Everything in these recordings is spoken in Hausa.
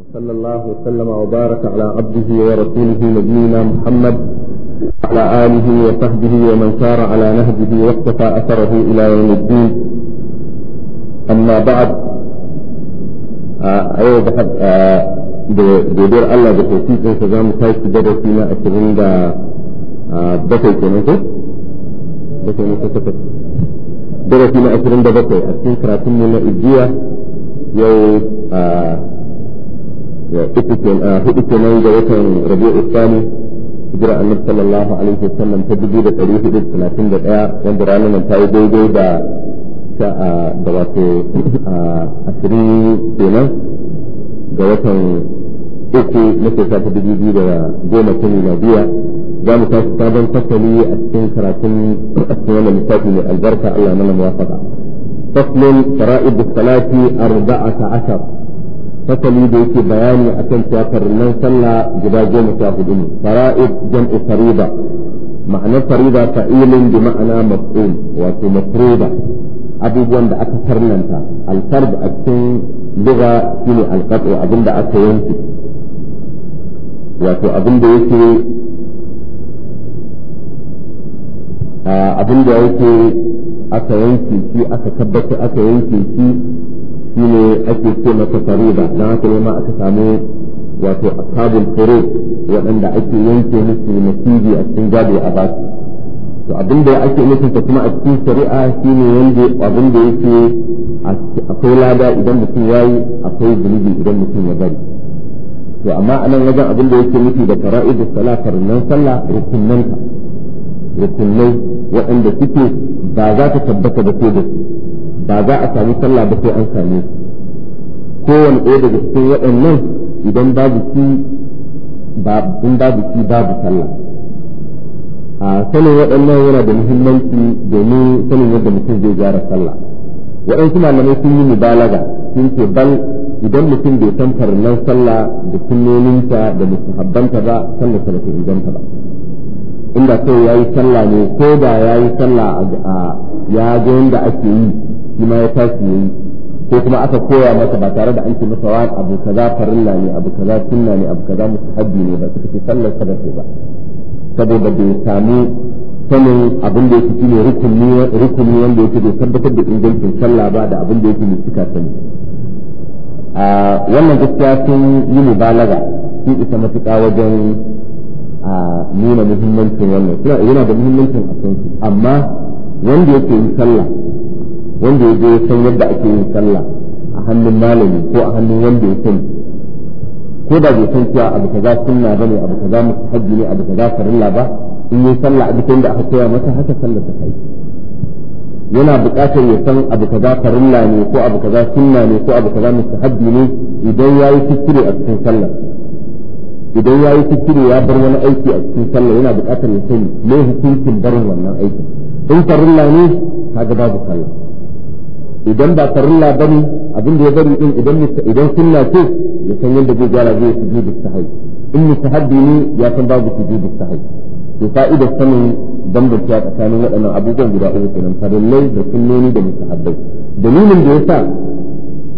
وصلى الله وسلم وبارك على عبده ورسوله نبينا محمد وعلى آله وصحبه ومن سار على نهجه واقتفى أثره إلى يوم الدين أما بعد آه، أيوة بحب آه، بدور الله بتوفيق إن سزام كايس بدر فينا أشرين آه، دا بطل كنوته بطل نتسكت بدر فينا أشرين دا بطل أشرين كراتين من الإجية يو آه Ah, hudu kenan ga watan rabi'u tsani hijira annabi sallallahu alaihi wasallam ta dubu da ɗari hudu talatin da ɗaya wanda ranar nan ta yi daidai da ah, da wato ah, ashirin kenan ga watan uku na shekara ta dubu biyu da goma ta miladiya za mu tashi sabon fasali a cikin karatun a cikin wannan littafi mai albarka Allah mana muwafaqa faslun fara'id as-salati arba'a ta ashar fasali da yake bayani akan cewa farillan sallah guda goma sha hudu ne fara'id jam'i fariba ma'anar fariba fa'ilin bi ma'ana maf'ul wato mafruda abubuwan da aka farlanta alfard a cikin lugha shine alqat'u abinda aka yanke wato abinda yake abinda yake aka yanke shi aka tabbata aka yanke shi shi ne ake ce masa fariba don haka ne ma aka samu wato ashabul furud waɗanda ake yanke musu nasibi a cikin gado a basu to abin da ake nufin ta kuma a cikin shari'a shi ne wanda abin da yake akwai lada idan mutum yayi akwai zunubi idan mutum ya bari to amma a nan wajen abin da yake nufi da fara'idu sala farinnan sallah rukunnan rukunnai waɗanda suke ba za ta tabbata da su da su ba za a sami sallah ba sai an same su kowane ɗaya daga cikin waɗannan idan babu shi in babu shi babu sallah a sanin waɗannan yana da muhimmanci domin sanin yadda mutum zai gyara sallah waɗansu malamai sun yi mubalaga sun ce bal idan mutum bai san farnan sallah da sunnoninta da mustahabbanta ba sallah ta bata inganta ba inda sai yayi sallah ne ko da ya yi sallah a ya ga yanda ake yi shi ma ya tashi yayi ko kuma aka koya masa ba tare da an ce masa wani abu kaza farilla ne abu kaza sunna ne abu kaza mustahabbi ne ba suka ce sallar sa ba saboda bai samu sanin abin da yake shine rukuni rukuni wanda yake bai tabbatar da ingancin sallah ba da abin da yake mai cika sani a wannan gaskiya sun yi mubalaga sun isa matuƙa wajen a nuna muhimmancin wannan yana da muhimmancin a amma wanda yake yi sallah wanda ya je ya san yadda ake yin sallah a hannun malami ko a hannun wanda ya sani ko da bai san cewa abu kaza sunna ne abu kaza mustahabbi ne abu kaza farilla ba in yi sallah a cikin da aka koya masa haka sallar ta kai yana buƙatar ya san abu kaza farilla ne ko abu kaza sunna ne ko abu kaza mustahabbi ne idan yayi kuskure a cikin sallah idan ya yi kuskure ya bar wani aiki a cikin sallah yana buƙatar ya sani me hukuncin barin wannan aiki in farilla ne kaga babu sallah idan ba farilla bane abin da ya bari din idan idan sunna ce ya san yadda zai gyara zai sujudu sahwi in mustahabbi ne ya san babu su sujudu sahwi to fa'ida sanin bambanta tsakanin waɗannan abubuwan guda uku kenan farillai da sunnoni da mutahaddai dalilin da yasa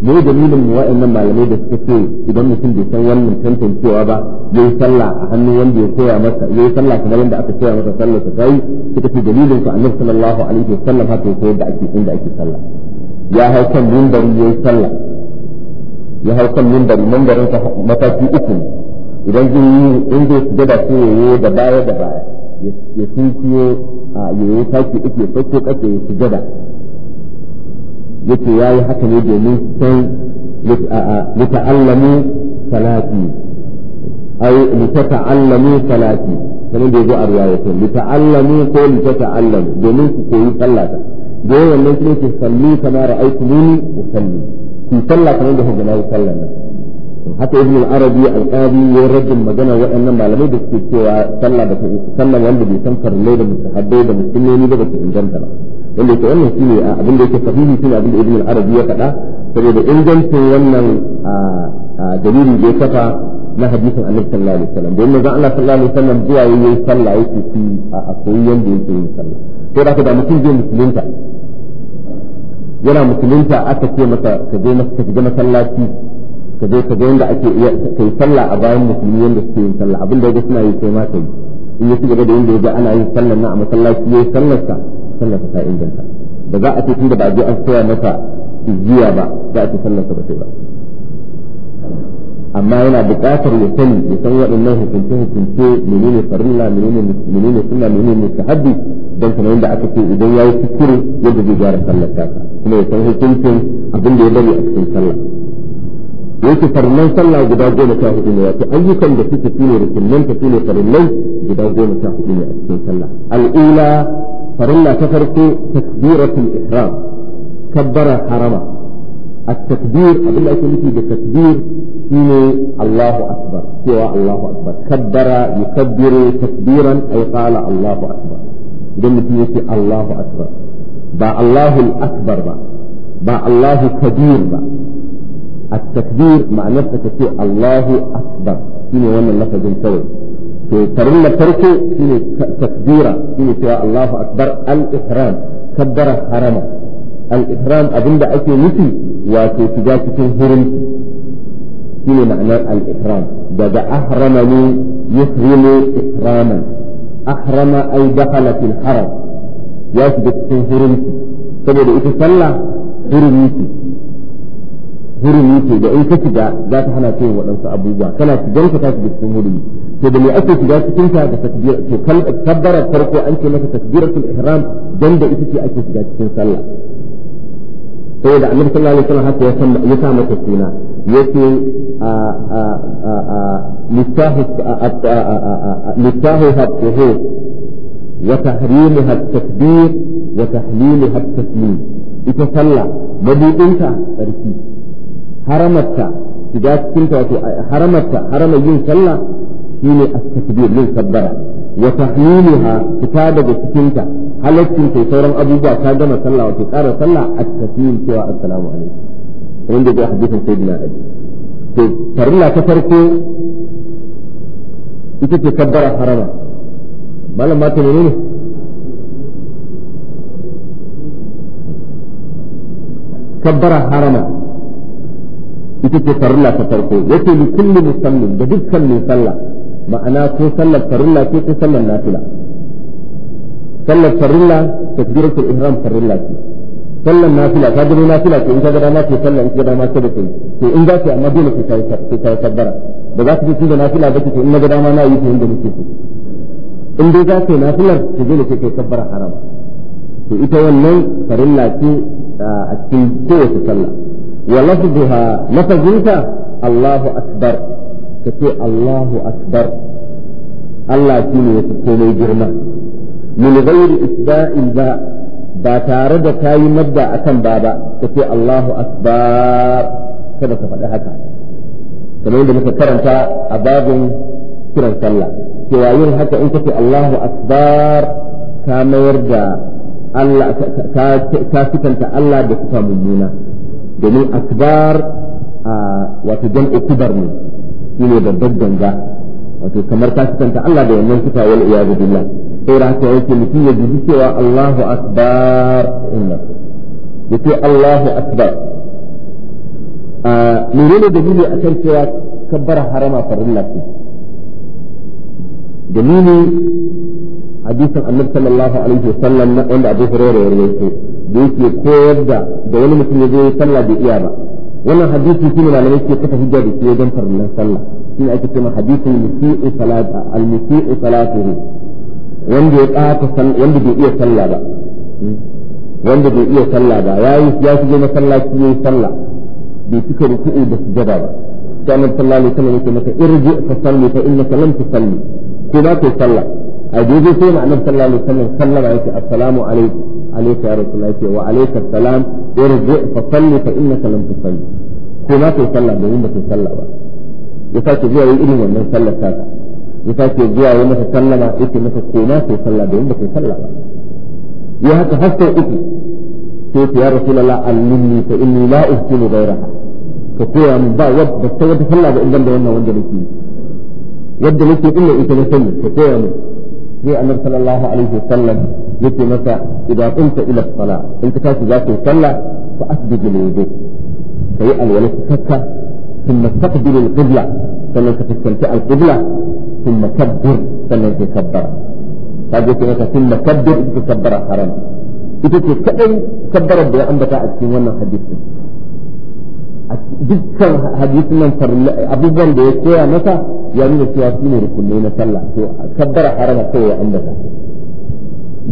ne dalilin mu wa'annan malamai da suka ce idan mutum bai san wannan tantancewa ba yayi sallah a hannun wanda ya koya masa yayi sallah kamar yadda aka koya masa sallar ta kai suka ce dalilin ku annabi sallallahu alaihi wasallam haka ya koyar da ake inda ake sallah ya hau kan mimbari ya yi sallah ya hau kan mimbari mimbarin mataki uku ne idan zai yi in zai sujada sai ya yi da baya da baya ya sunkiyo a yi taki uku ya sauke kasa ya sujada yake ya yi haka ne domin san lita'allamu salati ai lita'allamu salati kamar da ya zo a riwayatin lita'allamu ko lita'allamu domin su koyi sallata دون أن يكون تسلي كما رأيت مني وسلي في سلة كمان ده جمال سلة حتى ابن العربي القاضي يرد المجنة وإنما لم يدك في سلة سلة وانده بيسنفر الليلة المستحبية المسلمين ده بس إنجان ترى اللي تقوله سيني أقول لك فيه سيني أقول ابن العربي يتقى فإذا إنجان سيوانا جليل جيكفا ما حديث عن النبي صلى الله عليه وسلم بأن جعل صلى الله عليه وسلم دعا ويصلى عيسى في أقويا بإنسان صلى الله عليه وسلم كيف أخذ أمسين جيل مسلمين yana musulunta aka ce masa ka je ka masallaci ka je ka ga yanda ake kai sallah a bayan musulmi yanda suke yin sallah abin da ya suna yi sai ma kai in ya shiga da yanda ya ga ana yin sallar na a masallaci yayi sallar sa sallar ka ta inganta da za a ce tunda ba a je an koya masa izziya ba za a ce sallar ka ba sai ba amma yana buƙatar ya sani ya san waɗannan hukunce hukunce menene farilla menene menene sunna menene mustahabbi dan kamar yadda aka ce idan yi kuskure yadda zai gyara sallar ta kuma ya san hukuncin abin da ya bari a cikin sallah yake farnan sallah guda goma sha hudu ne wato ayyukan da suke su ne rukunan ta su ne farillai guda goma sha hudu ne a cikin sallah al'ula farilla ta farko takbiratul ihram kabbara harama التكبير أقول لك مثل بالتكبير شنو الله أكبر سوى الله أكبر كبر يكبر تكبيرا أي قال الله أكبر don mutum yake Allahu Akbar ba Allahu Akbar ba ba Allahu Kabir ba a takbir ma'anar ta ce Allahu Akbar shi ne wannan lafazin kawai to tarin na shi ne takbira shi ne cewa Allahu Akbar al-ihram kaddara harama al-ihram abinda ake nufi wato shiga cikin hurin shi ne ma'anar al-ihram daga ahrama ne yuhrimu ihraman أحرم أي دخل في الحرم يثبت في هرمتي saboda ita sallah hurumi hurumi da in ka shiga za ta hana ta yin waɗansu abubuwa kana shigar ka tashi cikin hurumi to da me ake shiga cikin ta da takbir to kabbara farko an ce maka takbiratul ihram dan da ita ce ake shiga cikin sallah sai da annabi sallallahu alaihi wasallam haka ya sa mata suna yace littahu habtuhu wa tahrimuha at-takbir wa tahliluha at-taslim ita sallah mabudinta sarki haramarta shiga cikin ta wato haramarta haramar yin sallah shine at-takbir kabbara wa tahmiluha fita daga cikinta halaccin sai sauran abubuwa ta gama sallah wato ƙara sallah at-taslim cewa assalamu alaikum wanda ga hadisin sayyidina ali to farilla ta farko ita ce kabbara harama malam ma ta menene kabbara harama ita ce farilla ta farko yace li kulli musallin da dukkan sallah ma'ana ko sallar farilla ko ko sallar nafila sallar farilla takbiratul ihram farilla ce sallar nafila ka gani nafila ce in ka gada ma ce sallar in ka gada ma ce da kai to in za ka amma dole kai ka kai kabbara da za ka ce da nafila ba ce in na gada ma na yi ta muke nake so in dai za ka yi nafilar ka dole sai ka yi kabbara haram to ita wannan farilla ce a cikin kowace sallah wa lafzuha lafazinta Allahu akbar ka Allahu akbar Allah shi ne ya fi komai girma min ghairi isba’i ba ba tare da kayi madda akan ba ba ka ce Allahu akbar kada ka faɗi haka kamar yadda muka karanta a babin kiran sallah cewa yin haka in ka ce Allahu akbar ka mayar da Allah ka fitanta Allah da sifa mummuna domin akbar wato jam'u kubar ne shine babban ganga wato kamar ka ta Allah da wannan sifa wal iyadu billah sai ra ta yake mutum ya ji cewa Allahu akbar inna yace Allahu akbar a menene dalili akan cewa kabbara harama farilla ce dalili hadisin annabi sallallahu alaihi wasallam wanda Abu Hurairah ya rawaito da yake koyar da da wani mutum ya je sallah bai iya ba wannan hadisi shine malamai ke kafa hujja da shi wajen farillan sallah shine ake cewa hadisin musii'u salat al-musii'u salatuhu wanda ya ɓata wanda bai iya sallah ba wanda bai iya sallah ba yayi ya sallah masallaci yayi sallah bai cika ruku'u da sujada ba sai annabi sallallahu alaihi wasallam yake maka irji fa salli fa innaka lam tusalli ko ba kai sallah a daidai sai annabi sallallahu alaihi wasallam sallama yake assalamu alaikum عليك يا رسول الله وعليك السلام ارجع فصلي فإنك لم تصلي كما تصلى بدون ما تصلى بقى يفاك جوا يقلم من صلى كذا يفاك جوا يوم تصلى ما إتي ما كما تصلى بدون ما تصلى بقى يهك حتى إتي قلت يا رسول الله علمني فإني لا أهتم غيرها كقوة من باء وب بس تبغى تصلى بإذن ده وانا وانا بكي يبدو لك إلا إتي نسلم من في أمر صلى الله عليه وسلم يتي مسا إذا قمت إلى الصلاة أنت كاس ذاك يصلى فأسجد لوجهك فيأل ولتكك ثم استقبل القبلة فلن تستمتع القبلة ثم كبر فلن تكبر فأجد يتي مسا ثم كبر إذا تكبر حرام إذا تكأي كبر بيا أنبتا أتسيوانا حديثا dukkan hadisunan abubuwan da ya koya mata ya nuna هناك su ne rukunne na sallah to kaddara harama kawai ya ambata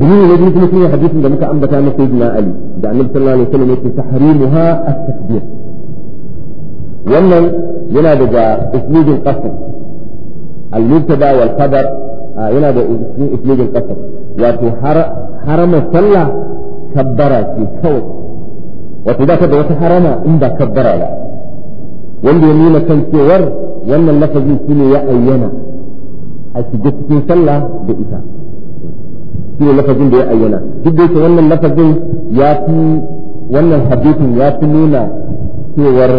دليل الذي يمكن يكون حديث ده ممكن أنبت عن سيدنا علي ده النبي صلى الله عليه وسلم يقول تحريمها التكبير ومن ينادى أسلوب القصر المبتدا والخبر آه، ينادى أسلوب القصر وتحر حرم صلى كبرة في كوت وتذاك ده حرم عند كبرة لا wanda يمين nuna kan cewar wannan lafazin shi ne ya ayyana a shiga cikin shi ne lafazin da ya ayyana duk da yake wannan lafazin ya fi wannan hadisin ya fi nuna cewar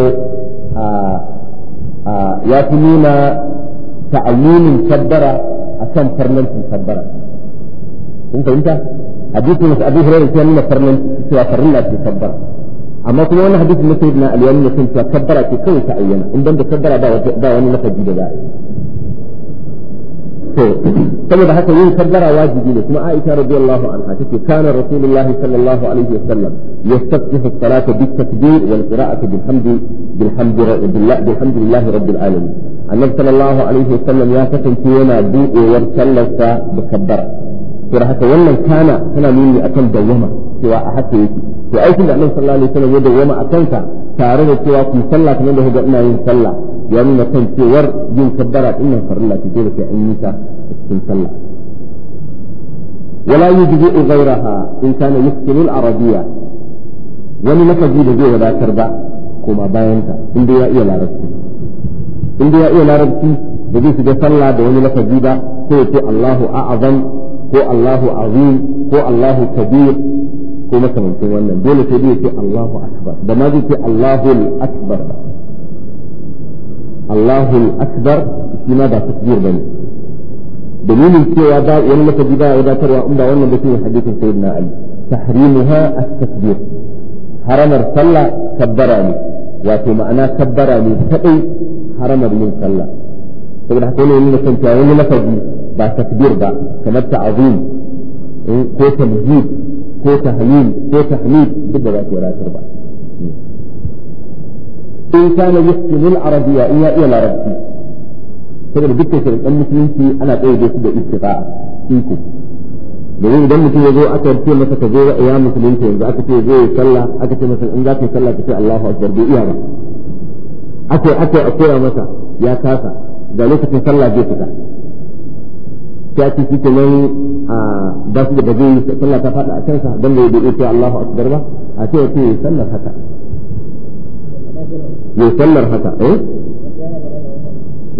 ya fi nuna ta'ayyunin sabbara a kan farnancin sabbara kun fahimta hadisin wasu abu hurairu ke nuna farnancin cewa farnanci ce sabbara amma kuma wani hadisin na sayyidina ali ya nuna cewa sabbara ce kawai ta ayyana in ban da sabbara ba wani lafazi da za a yi to saboda haka yin kabbara wajibi ne kuma Aisha radiyallahu anha take kana Rasulullahi sallallahu alaihi wasallam yastaqihu as-salata bit-takbir wal qira'ati bilhamdi bilhamdi bilhamdillahi rabbil alamin annabi sallallahu alaihi wasallam ya kasance yana buɗewar sallarsa da kabbara saboda haka wannan kana tana nuni akan dawwama cewa a haka yake to aikin da annabi sallallahu alaihi wasallam ya dawwama akan ka tare da cewa ku sallah kamar da ina yin sallah ya nuna kan cewar yin kabbara din nan farilla ce dole sai an yi ta cikin sallah wala yujzi ghayraha in kana yaskilu al-arabiyya wani lafazi da zai wadatar ba koma bayan ta inda ya iya larabci inda ya iya larabci da zai shiga sallah da wani lafazi ba ko ya ce Allahu a'azam ko Allahu azim ko Allahu kabir ko makamancin wannan dole sai dai ya ce Allahu akbar da ma zai ce Allahu akbar ba الله الأكبر فيما ماذا تكبير بني دليل الكيوة دا يلما تجيبا إذا تروى أم وانا بسيه حديث سيدنا علي تحريمها التكبير حرم ارسل كبراني وفي معنى كبراني فأي حرم بمن صلى فقد حكونا إننا كنت أولا لفظي با تكبير با كمبت عظيم إيه؟ كوتا تمجيد كوتا تهليل كوتا حميد بدأ ذات ولا تربع in kana yahkimu al-arabiyya in ya iya larabci saboda dukkan shirkan musulunci ana tsaye da su da istiqa iko domin idan mutum ya zo aka ce masa ka zo ya musulunta yanzu aka ce zo ya sallah aka ce masa in za ka yi sallah ka ce Allahu akbar bai iya ba aka aka a koya masa ya kasa ga lokacin sallah zai fita ta ce shi kenan a ba su da ba zai sallah ta faɗa a kansa dan bai bai ce Allahu akbar ba a ce ya ce sallah haka ya sallar haka eh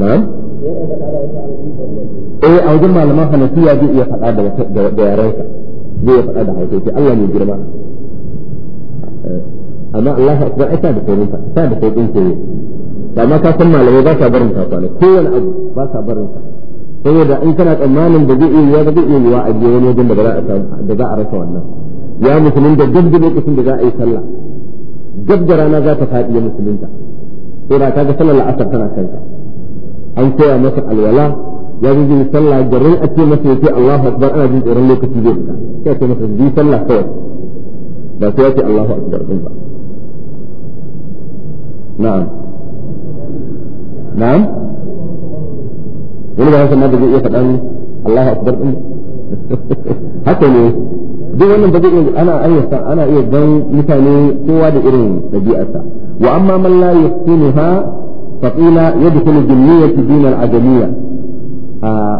na'am eh a wajen malaman hanafiya zai iya faɗa da da yarensa zai iya faɗa da haifai Allah ne girma eh, amma Allah ya kuma aika da saurin fa ta da saurin koyo ma ka san malamai ba sa barin kwana kowane abu ba sa barin sa saboda in kana tsammanin da zai iya yiwa ba zai iya yiwa a je wani wajen da za a rasa wannan ya musulun da duk da lokacin da za a yi sallah duk da rana za ta faɗi ya musulunta ta kaga sallar la'asar tana kai an koya masa alwala ya ji jin sallah garin ake ce masa yake Allahu akbar ana jin tsoron lokaci zai fita sai ya ce masa ji sallah kawai ba sai ya Allahu akbar din ba na'am na'am wani ba haka ma da zai iya faɗan Allahu akbar din haka ne duk wannan ba zai ana ana iya dan mutane kowa da irin ɗabi'arsa وأما من لا يحسنها فقيل يدخل الجنية دون العدمية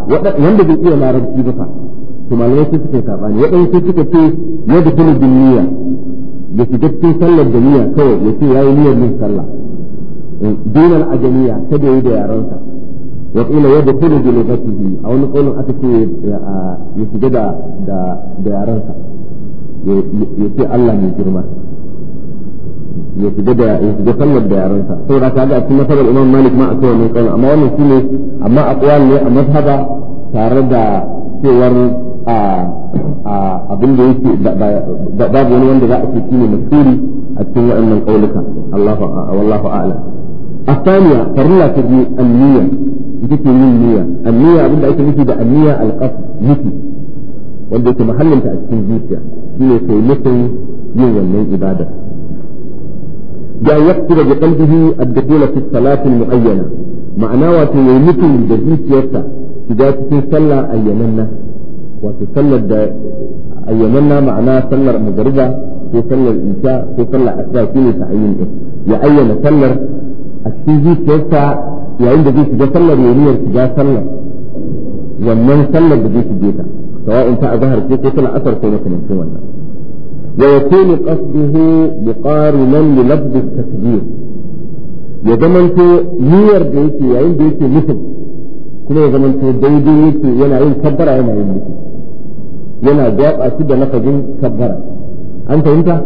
wanda bai iya larabci ba fa to malamai sun suka sabani waɗansu suka ce ya da kuma jinniya ya shiga kawai ya ce yayi niyyar yin sallah dinar ajamiya ta da yi da yaransa wa qila ya da kuma jinniya a wani kaulin aka ce ya shiga da da yaransa ya ce Allah mai girma ya shiga da ya sallar da yaransa saboda da kaga a cikin masabar Imam Malik ma akwai wannan kauli amma wannan shine amma aqwal ne a mazhaba tare da cewar a a abin da yake babu wani wanda za a ce shine a cikin waɗannan kauluka Allahu wallahu a'lam الثانية فرلا تجي النية من النية النية ده النية القصد نتي وده محل يوم من جاء يقتل بقلبه الدخول في الصلاة المعينة معناه وتيمته الجديد يسا إذا تكون صلى أيمنا وتصلى أيمنا معناه صلى مغربة وصلى الإنشاء وصلى أسرى كل تعيين يا أين صلى السيدي يسا يا عند جيت جا صلى بيومية جا صلى ومن صلى بجيت جيتا سواء انت أظهر جيت وصلى أثر كونك من سوانا ويكون قصده مقارنا للفظ التكبير ya zamanto niyyar da yake yayin da yake ya zamanto daidai yake yana yin kabbara yana yin nufi yana gaba shi da lafazin kabbara an fahimta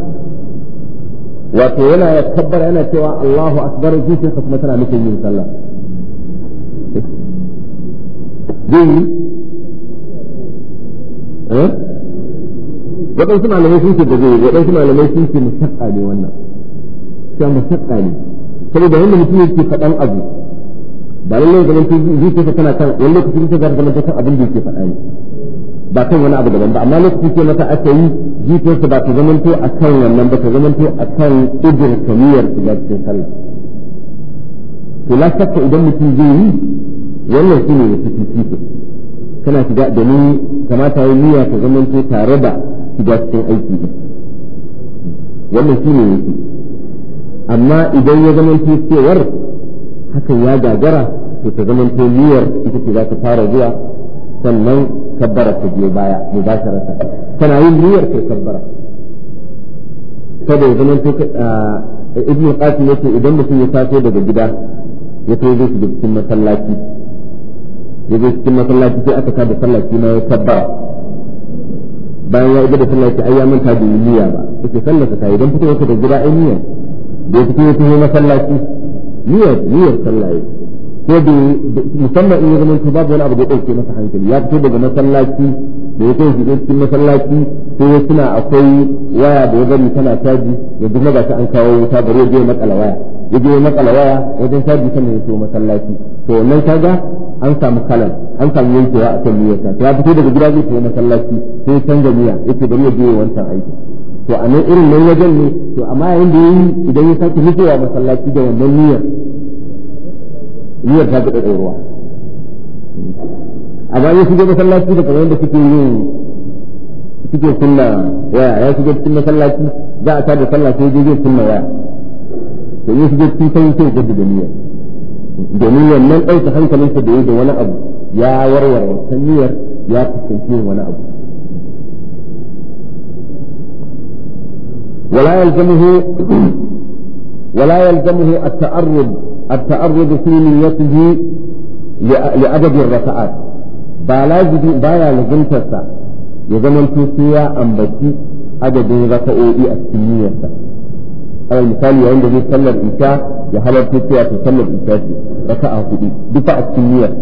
wato yana kabbara cewa Allahu akbar zuciyarsa kuma tana nufin yin sallah waɗansu malamai sun ce da zai waɗansu malamai sun ce mushaƙa ne wannan cewa mushaƙa ne saboda wanda mutum yake faɗan abu ba lallai zaman zuciyarsa tana kan wani lokacin zuciyarsa zama ta kan abin da yake faɗa ne ba kan wani abu daban ba amma lokacin ce mata aka yi zuciyarsa ba ta zamanto a kan wannan ba ta zamanto a kan idin kamiyar su ga cikin sallah to lafiyarsa idan mutum zai yi wannan shi ne ya fi kana shiga domin kamata yi niyya ta zama zamanto tare da shiga cikin aiki din wannan shi ne yake amma idan ya zama cewar hakan ya gagara to ta zama niyyar ita ce za ta fara zuwa sannan kabbara ta biyo baya mu ba shi rasa tana yin niyyar ta kabbara saboda zaman to eh, ibn qasim yace idan mutum ya taso daga gida ya kai zai shiga cikin masallaci ya zai cikin masallaci sai aka kada sallaci ma ya kabbara bayan ya gaba sallah ta ai ta manta da niyya ba kike sallaka ta idan fito yake da gida ai niyya da fito yake ne masallaci niyya niyya sallah ko da musamman in ya zama to babu wani abu da dauke masa hankali ya fito daga masallaci da yake kai da cikin masallaci sai ya akwai waya da yaga bari tana caji yanzu ma ba ta an kawo wuta bare ya je makala waya ya je makala waya wajen caji sannan ya so masallaci to wannan kaga an samu kalan an samu yankewa a kan niyyarsa to ya fito daga gida zai tafi masallaci sai ya canza niyya yake bari ya biyo wancan aiki to a nan irin nan wajen ne to amma yayin da yayi idan ya sake fitowa masallaci da wannan niyyar niyyar ta ga tsoro a bayan shige masallaci da kamar yadda suke yin suke kunna waya ya shiga cikin masallaci za a tada sallah sai je zai kunna waya to ya shiga cikin sai sai jaddada niyyar domin wannan ɗauka hankalinsa da yi da wani abu ya warware wancan niyyar ya fuskanci wani abu ولا يلزمه ولا يلزمه التعرض التعرض في نيته لعدد الركعات بلاجد بايا لزمتسا يزمن توسيا بكي عدد ركعوئي السنية alal misali yayin da zai sallar isha ya halarta cewa ta sallar isha ce a hudu duka a cikin niyyar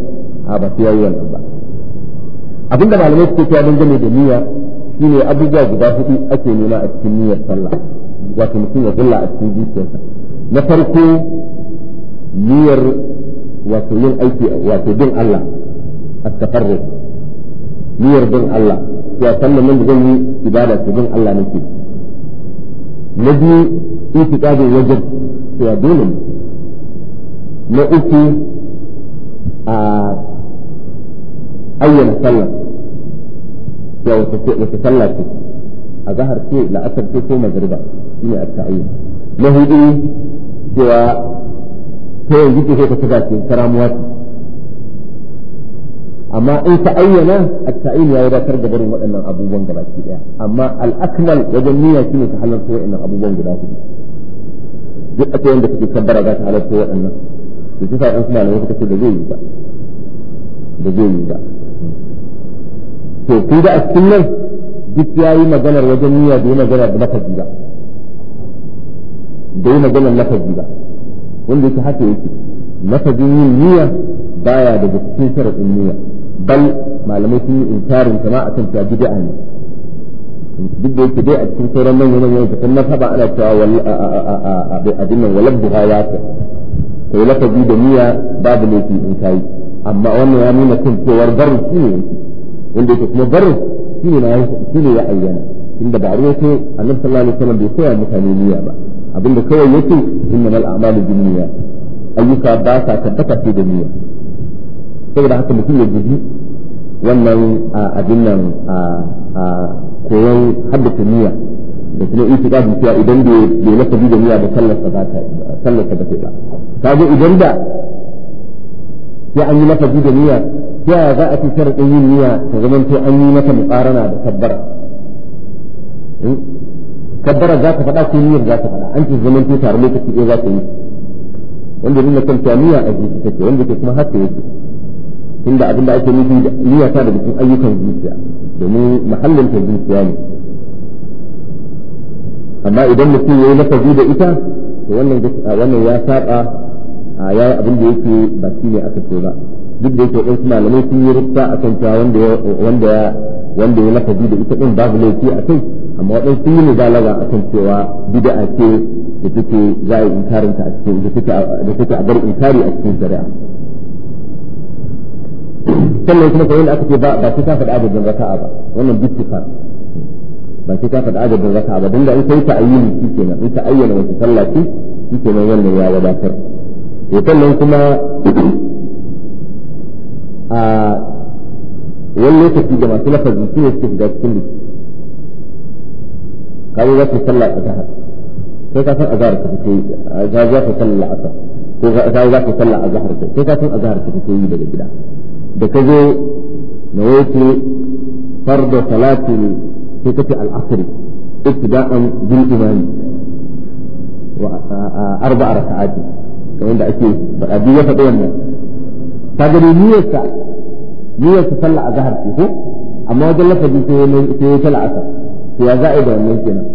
a ba sai yayi wannan ba da malamai suke cewa dangane da niyya shine abubuwa guda hudu ake nuna a cikin niyyar sallah wato mutum ya zalla a cikin zuciyarsa na farko niyyar wato yin aiki wato bin Allah at-tafarruq niyyar bin Allah ya sallan nan da zan yi ibada ta bin Allah nake na biyu itikadin wajen cewa dole na uku a ayyana sallah cewa wata sallah a zahar ce la'asar ce ko magariba shi ne a ta'ayyana na hudu cewa ta yanzu ce ka tuka ce karamuwa amma in ta ayyana at-ta'in ya wadatar da barin waɗannan abubuwan gabaki daya amma al-akmal wajen niyya halarta waɗannan abubuwan guda hudu duk akwai wanda suke kabbara za ta halatta waɗannan su ci sa'an suna da wasu kace da zai yi ba da zai yi ba to ku da a cikin nan duk ya yi maganar wajen niyya da yi maganar da lafazi ba da yi maganar lafazi ba wanda yake haka yake lafazin yin niyya baya da cikin sharaɗin niyya bal malamai sun yi inkarin kama kan ta bid'a ne duk da yake dai a cikin sauran manyan manyan yanzu kuma saba ana cewa wal abin nan walad duha ya ta kai lafazi da niyya babu ne in kai amma wannan ya nuna kan cewar barin shi ne wanda yake kuma barin shi ne shi ne ya ayyana inda ba ruwa ce annabi sallallahu alaihi wasallam bai koya mutane niyya ba abinda kawai yake mal a'malu niyya ayyuka ba sa tabbata sai da niyya saboda haka mutum ya gudu wannan abin nan koyon haddace niyya da kuma itikadin cewa idan bai lafazi da niyya ba sallarsa ba ta sallarsa ba ta ga idan da ya an yi lafazi da niyya ya za a fi sharadin yin niyya ta zama ce an yi mata muqarana da tabbara tabbara za ta faɗa ko niyyar za ta faɗa an ce zaman to tare lokaci ɗaya za ta yi wanda nuna kan ta niyya a jiki take wanda ke kuma haka yake tunda abinda ake nufi da niyya ta daga cikin ayyukan zuciya domin muhallin ta zuciya ne amma idan mutum ya yi lafazi da ita to wannan wannan ya saba a ya abin da yake ba shi ne aka so ba duk da yake wasu malamai sun yi rufta a kan cewa wanda ya wanda ya lafazi da ita din babu laifi a kai amma waɗansu sun yi mubalaga a kan cewa bid'a ce da take za a yi inkarinta a cikin da take a bar inkari a cikin shari'a sannan kuma kamar da aka ce ba sai ka faɗi adadin raka'a ba wannan bittifa ba sai ka faɗi adadin raka'a ba don da in kai ta ayyuni shi kenan in ta ayyana wata sallah ce shi kenan wannan ya wadatar to sannan kuma a wani lokaci da masu lafazi su ne suke shiga cikin biki sallah a zahar sai ka san azahar ta sallah a ko za su sallah a zahar sai ka san azahar ta fito yi daga gida da ka zo na yake farda salatin sai kace al-asr ibtida'an bil imani wa arba'a raka'at kamar da ake faɗa duk ya faɗi wannan ta gani niyyarsa niyyarsa sallah a zahar ce ko amma wajen lafazi sai ya tala asa to ya za a yi da wannan kenan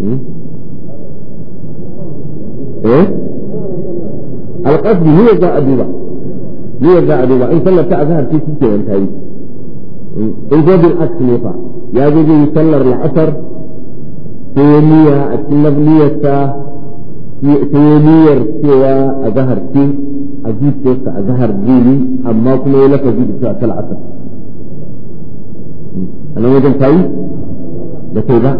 hmm? eh alƙasdi ne za a duba zai yarda a duba in sallar ta azhar ce shi kenan ta yi in zo bil aks ne fa ya zo zai yi sallar la'asar sai ya niyya a cikin nafniyarsa sai ya niyyar cewa azhar ce a zuciyarsa azhar zai yi amma kuma ya lafazi da cewa ta la'asar a nan wajen ta yi da kai ba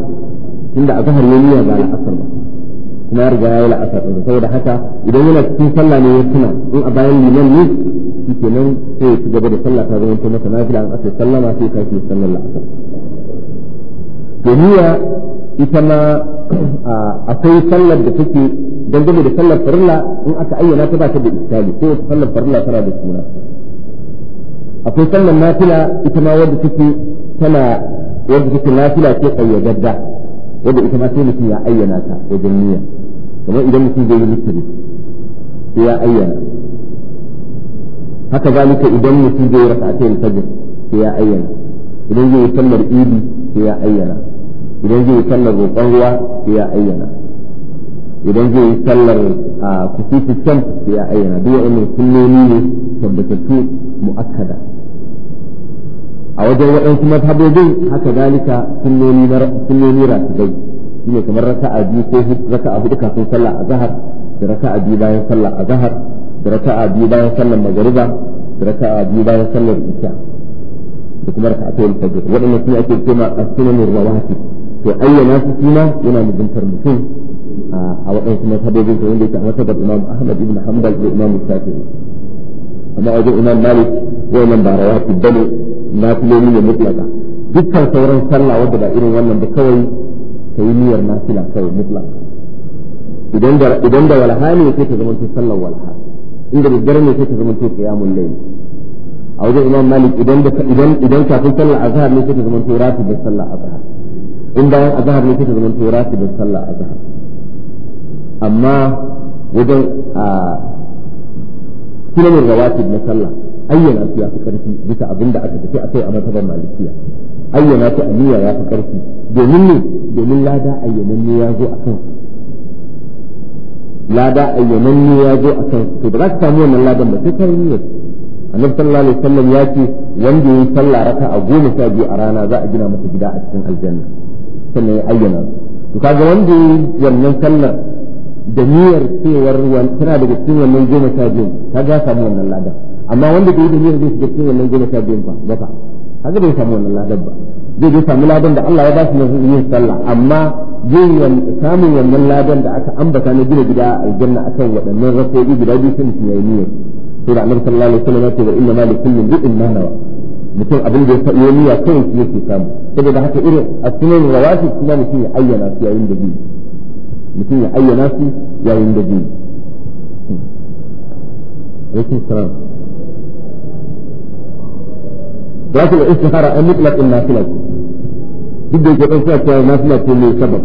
tunda azhar ya niyya ba la'asar ba kuma ya riga ya yi la'asar saboda haka idan yana cikin sallah ne ya tuna in a bayan liman ne shi nan sai su gaba da sallah ta zama masa nafila an aka sallama sai ka ke sallar la'asar Jami'a niyya ita ma akwai sallar da take dangane da sallar farilla in aka ayyana ta ba ta da iskali ko sallar farilla tana da suna akwai sallar nafila ita ma wadda take tana wadda take nafila ce kayyadadda wadda ita ma sai mutum ya ayyana ta wajen niyya kamar idan mutum zai yi mutane sai ya ayyana haka zalika idan mutum zai rasa ta yin fajr sai ya ayyana idan zai yi sallar idi sai ya ayyana idan zai yi sallar roƙon ruwa sai ya ayyana idan zai yi sallar a kusufi can sai ya ayyana duk wa'annan sunnoni ne tabbatattu mu'akkada a wajen waɗansu mazhabobin haka zalika sunnoni rasibai shine kamar raka'a biyu ko raka'a hudu kafin sallah a zahar da raka'a biyu bayan sallah a zahar da raka'a biyu bayan sallar magariba da raka'a biyu bayan sallar isha da kuma raka'atayil fajr waɗannan sune ake cewa as-sunanur rawatib to ayyana su kuma yana mutuntar mutum a waɗansu masabobin ta wanda yake a masabar imam ahmad ibn hanbal da imam shafi'i amma wajen imam malik wannan ba rawatib bane nafiloli ne mutlaka dukkan sauran sallah wadda ba irin wannan ba kawai ka yi niyyar nafila kawai mutlaka idan da walha ne sai ta zama sallar walha inda daddare ne sai ta zama to qiyamul layl a wajen imam malik idan da idan idan kafin sallar azhar ne sai ta zama to rafi da sallar azhar in bayan azhar ne sai ta zama to rafi da sallar azhar amma wajen a kilomin rawatib na sallah ayyana su ya fi karfi bisa abin da aka tafi a kai a matabar malikiya ayyana su a niyya ya fi karfi domin ne domin lada ayyana ne ya zo a kansu lada ayyananne ya zo a kan to ba za ka samu wannan ladan ba sai kai niyyar annabi sallallahu alaihi wasallam ya ce wanda ya sallah raka a goma sha biyu a rana za a gina masa gida a cikin aljanna sannan ya ayyana to kaga wanda yayi wannan sallar da niyyar cewar tana daga cikin wannan goma sha biyu kaga ya samu wannan ladan amma wanda bai yi da niyyar zai shiga cikin wannan goma sha biyun fa ba kaga bai samu wannan ladan ba zai je samu ladan da Allah ya ba shi na yin sallah amma yin samun wannan ladan da aka ambata na gina gida a aljanna akan waɗannan rafoji guda biyu sun fi yayi niyyar sai da annabi sallallahu alaihi wasallam ya ce wa inna ma likullin bi'in ma nawa mutum abin da ya faɗi yayi niyya kawai shi yake samu saboda haka irin as-sunan rawati kuma mutum ya ayyana su yayin da biyu mutum ya ayyana su yayin da biyu alaikum salam da su da istihara an mutlaq in nafila duk da yake suna cewa nafila ce mai sabab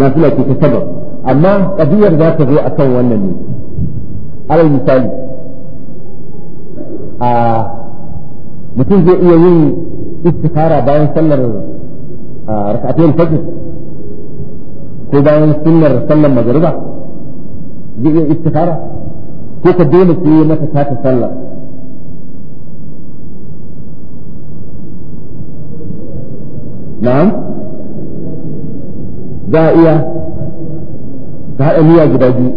nafila ce ta sabab amma kadiyar za ta zo akan wannan ne alal misali a mutum zai iya yin istihara bayan sallar rak'atul fajr ko bayan sunnar sallar magriba zai iya istihara ko ka dole ce mata ta sallar na'am za a iya ka haɗa niyya guda biyu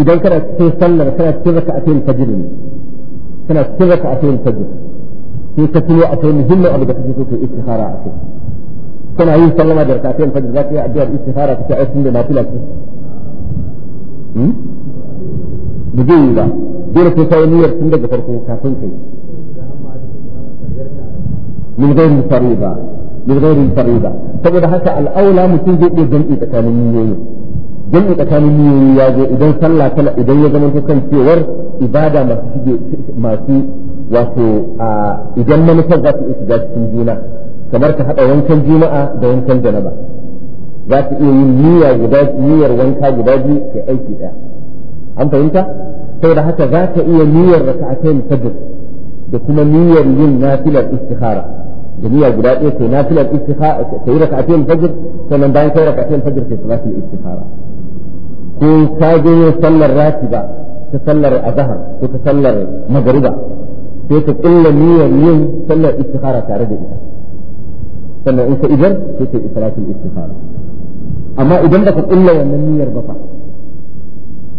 idan kana cikin sallar kana cikin raka a cikin ne kana cikin raka a cikin sai ka tuno a cikin muhimmin abu da kake so ka istihara a kana yin sallama da za ka yi istihara ka ce ai da hmm? zai yi ba dole sai niyyar tun daga farko kafin kai min misali ba bi ghairi fariida saboda haka al'aula mutum zai iya jam'i tsakanin niyoyi jam'i tsakanin niyoyi ya zo idan sallah tana idan ya zama to cewar ibada masu shige masu wato idan manufar za su iya shiga cikin juna kamar ka haɗa wankan juma'a da wankan janaba za ta iya yin niyya wanka guda biyu kai aiki ɗaya an fahimta saboda haka za iya niyyar raka'atayn fajr da kuma niyyar yin nafilar istikhara da niyya guda ɗaya kai nafilar istikhara kai raka'atayn fajr sannan bayan kai raka'atayn fajr kai salatul istikhara ko ka je sallar ratiba ta sallar azhar ko ta sallar magriba sai ka ƙilla niyyar yin sallar istikhara tare da ita sannan in ka idan sai ka salatul istikhara amma idan baka ƙilla wannan niyyar ba fa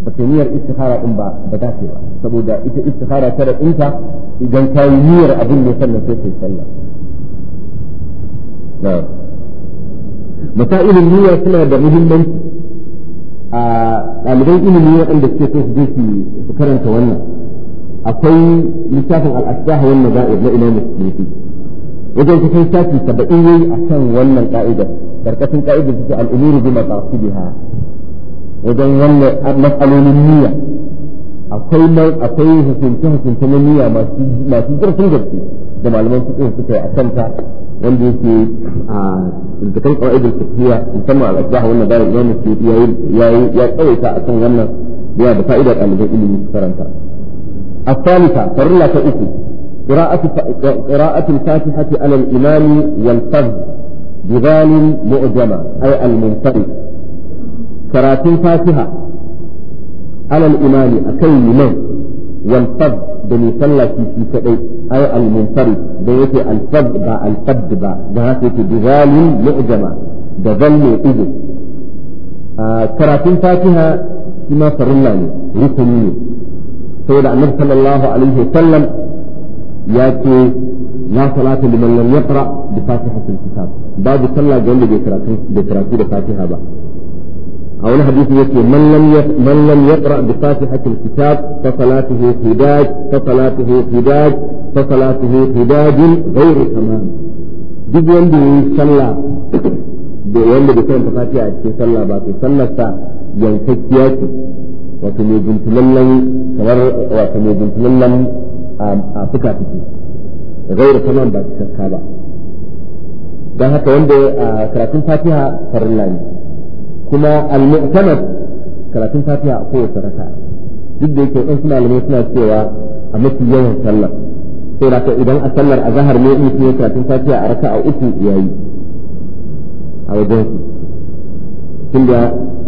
baka niyyar istikhara din ba ba ta ce ba saboda ita istikhara ta da inta idan ka yi niyyar abin ne sannan sai ka yi masailin niyya suna da muhimmanci a ɗaliban ilimi waɗanda suke so su je su karanta wannan akwai littafin al'asbaha wannan ga'ir na imam musulmi wajen kusan sati saba'in yayi akan wannan ka'idar karkashin ka'idar su al'umuru bi maqasidiha wajen wannan mas'alolin niyya akwai akwai hukunce hukunce na niyya masu masu gaske da malaman fiqh suka yi a kan ta wanda yake a zikan kawaidar tafiya musamman al'adar wannan dalar yana ce ya tsawaita a kan wannan biya da fa'idar ɗaliban ilimin karanta. a salisa farula ta uku qira'atul fatihati ala al-imam yantaz bi ghalin mu'jama ay al-muntari karatun fatiha ala al-imam akai limam والفض بني صلى في في كدي أي المنفرد بيتي الفض با الفض با يتي بغال معجمة بظل إذن آه كراتين فاتها كما فرلاني ركني سيدنا النبي صلى الله عليه وسلم ياتي لا صلاة لمن لم يقرأ بفاتحة الكتاب بعد صلى جنب بكراتين بكراتين فاتحة بقى أو له حديث يقول من لم من لم يقرأ بفاتحة الكتاب فصلاته حداد فصلاته حداد فصلاته حداد غير تمام. duk wanda ya sallah da wanda bai karanta fatiha a cikin sallah ba to sallarsa yankakkiya ce wato mai guntulallen kamar wato mai a fuka fuki gaira tamam ba ba haka wanda karatun fatiha farin kuma al-mu'tamad karatun fatiha a kowace raka'a duk da yake in suna malamai suna cewa a mafi yawan sallar sai raka idan a sallar a zahar ne in kuma karatun fatiha a raka'a uku yayi a wajen su tunda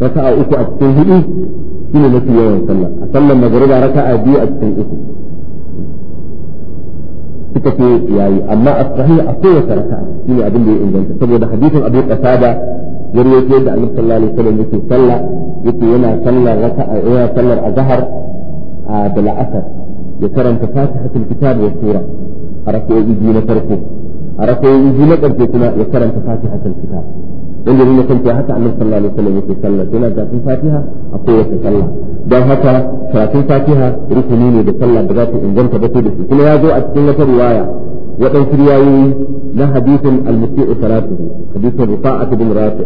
raka'a uku a cikin hudu shine mafi yawan sallar a sallar magariba raka'a biyu a cikin uku suka ce yayi amma a sahih a kowace raka'a shine abin da ya inganta saboda hadisin abu qatada ya da annabi sallallahu alaihi wasallam yake sallah yake yana sallar raka'a yana sallar azhar da la'asar ya karanta fatihatul kitab wa sura a raka'o'i biyu na farko a raka'o'i biyu na ƙarshe kuma ya karanta fatihatul kitab da ne kanta haka annabi sallallahu alaihi wasallam yake sallah yana da fatiha a kowace sallah don haka karatun fatiha rukuni ne da sallah da za ta inganta ba da shi kuma ya zo a cikin wata riwaya waɗansu riwayoyi na hadisin almusi'u salatu hadisin rufa'atu bin rafi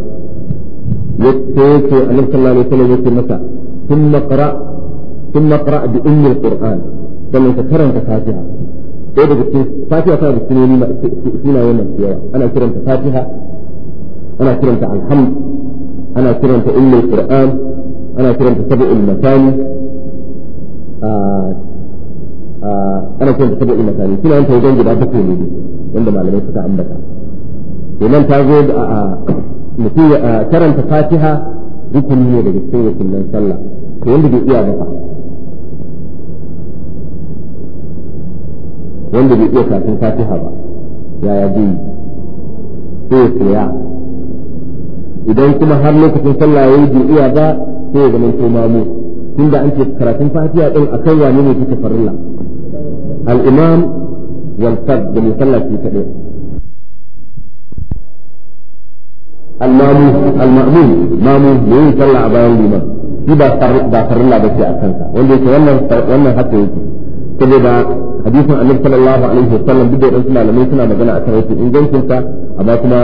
yace annabi sallallahu alaihi wasallam yace masa thumma qra thumma qra bi ummi alquran sannan ka karanta fatiha ɗaya daga cikin fatiha tana da sunoni suna wannan yawa ana kiranta fatiha ana kiranta alhamd ana kiranta ummi alquran ana kiranta sab'ul masani ah, ana kiran ta saba'in masani suna yin gida guda bakwai ne wanda malamai suka ambata domin ta zo da mutum ya karanta fatiha rukuni ne daga cikin rukunin sallah to wanda bai iya ba wanda bai iya kafin fatiha ba yaya zai sai ya tsaya idan kuma har lokacin sallah ya yi iya ba sai ya zama to mamu tunda an ce karatun fatiha din akan wane ne kike farilla الإمام والفرد بمثلث كبير المامون المامون مامون ne yin sallah a bayan liman shi ba ba farilla ba ce a kansa wanda yake wannan wannan haka yake saboda hadisin annabi sallallahu alaihi wasallam duk da wadansu malamai suna magana akan yake ingancin sa amma kuma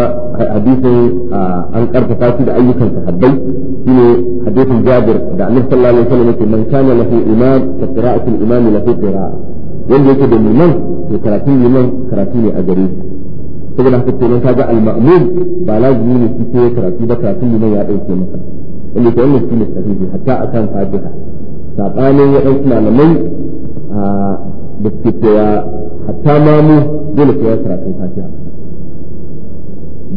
hadisin an karfafa shi da ayyukan sahabbai shine hadisin Jabir da annabi sallallahu alaihi wasallam yake wanda yake da liman to karatun liman karatu ne a gare shi saboda haka kenan ka ga al-ma'mum ba lazimi ne shi ke karatu ba karatun liman ya dauke masa wanda ke wannan shi ne sahihi hatta akan fatiha sabanin waɗansu malamai da suke cewa hatta mamu dole sai ya karatun fatiha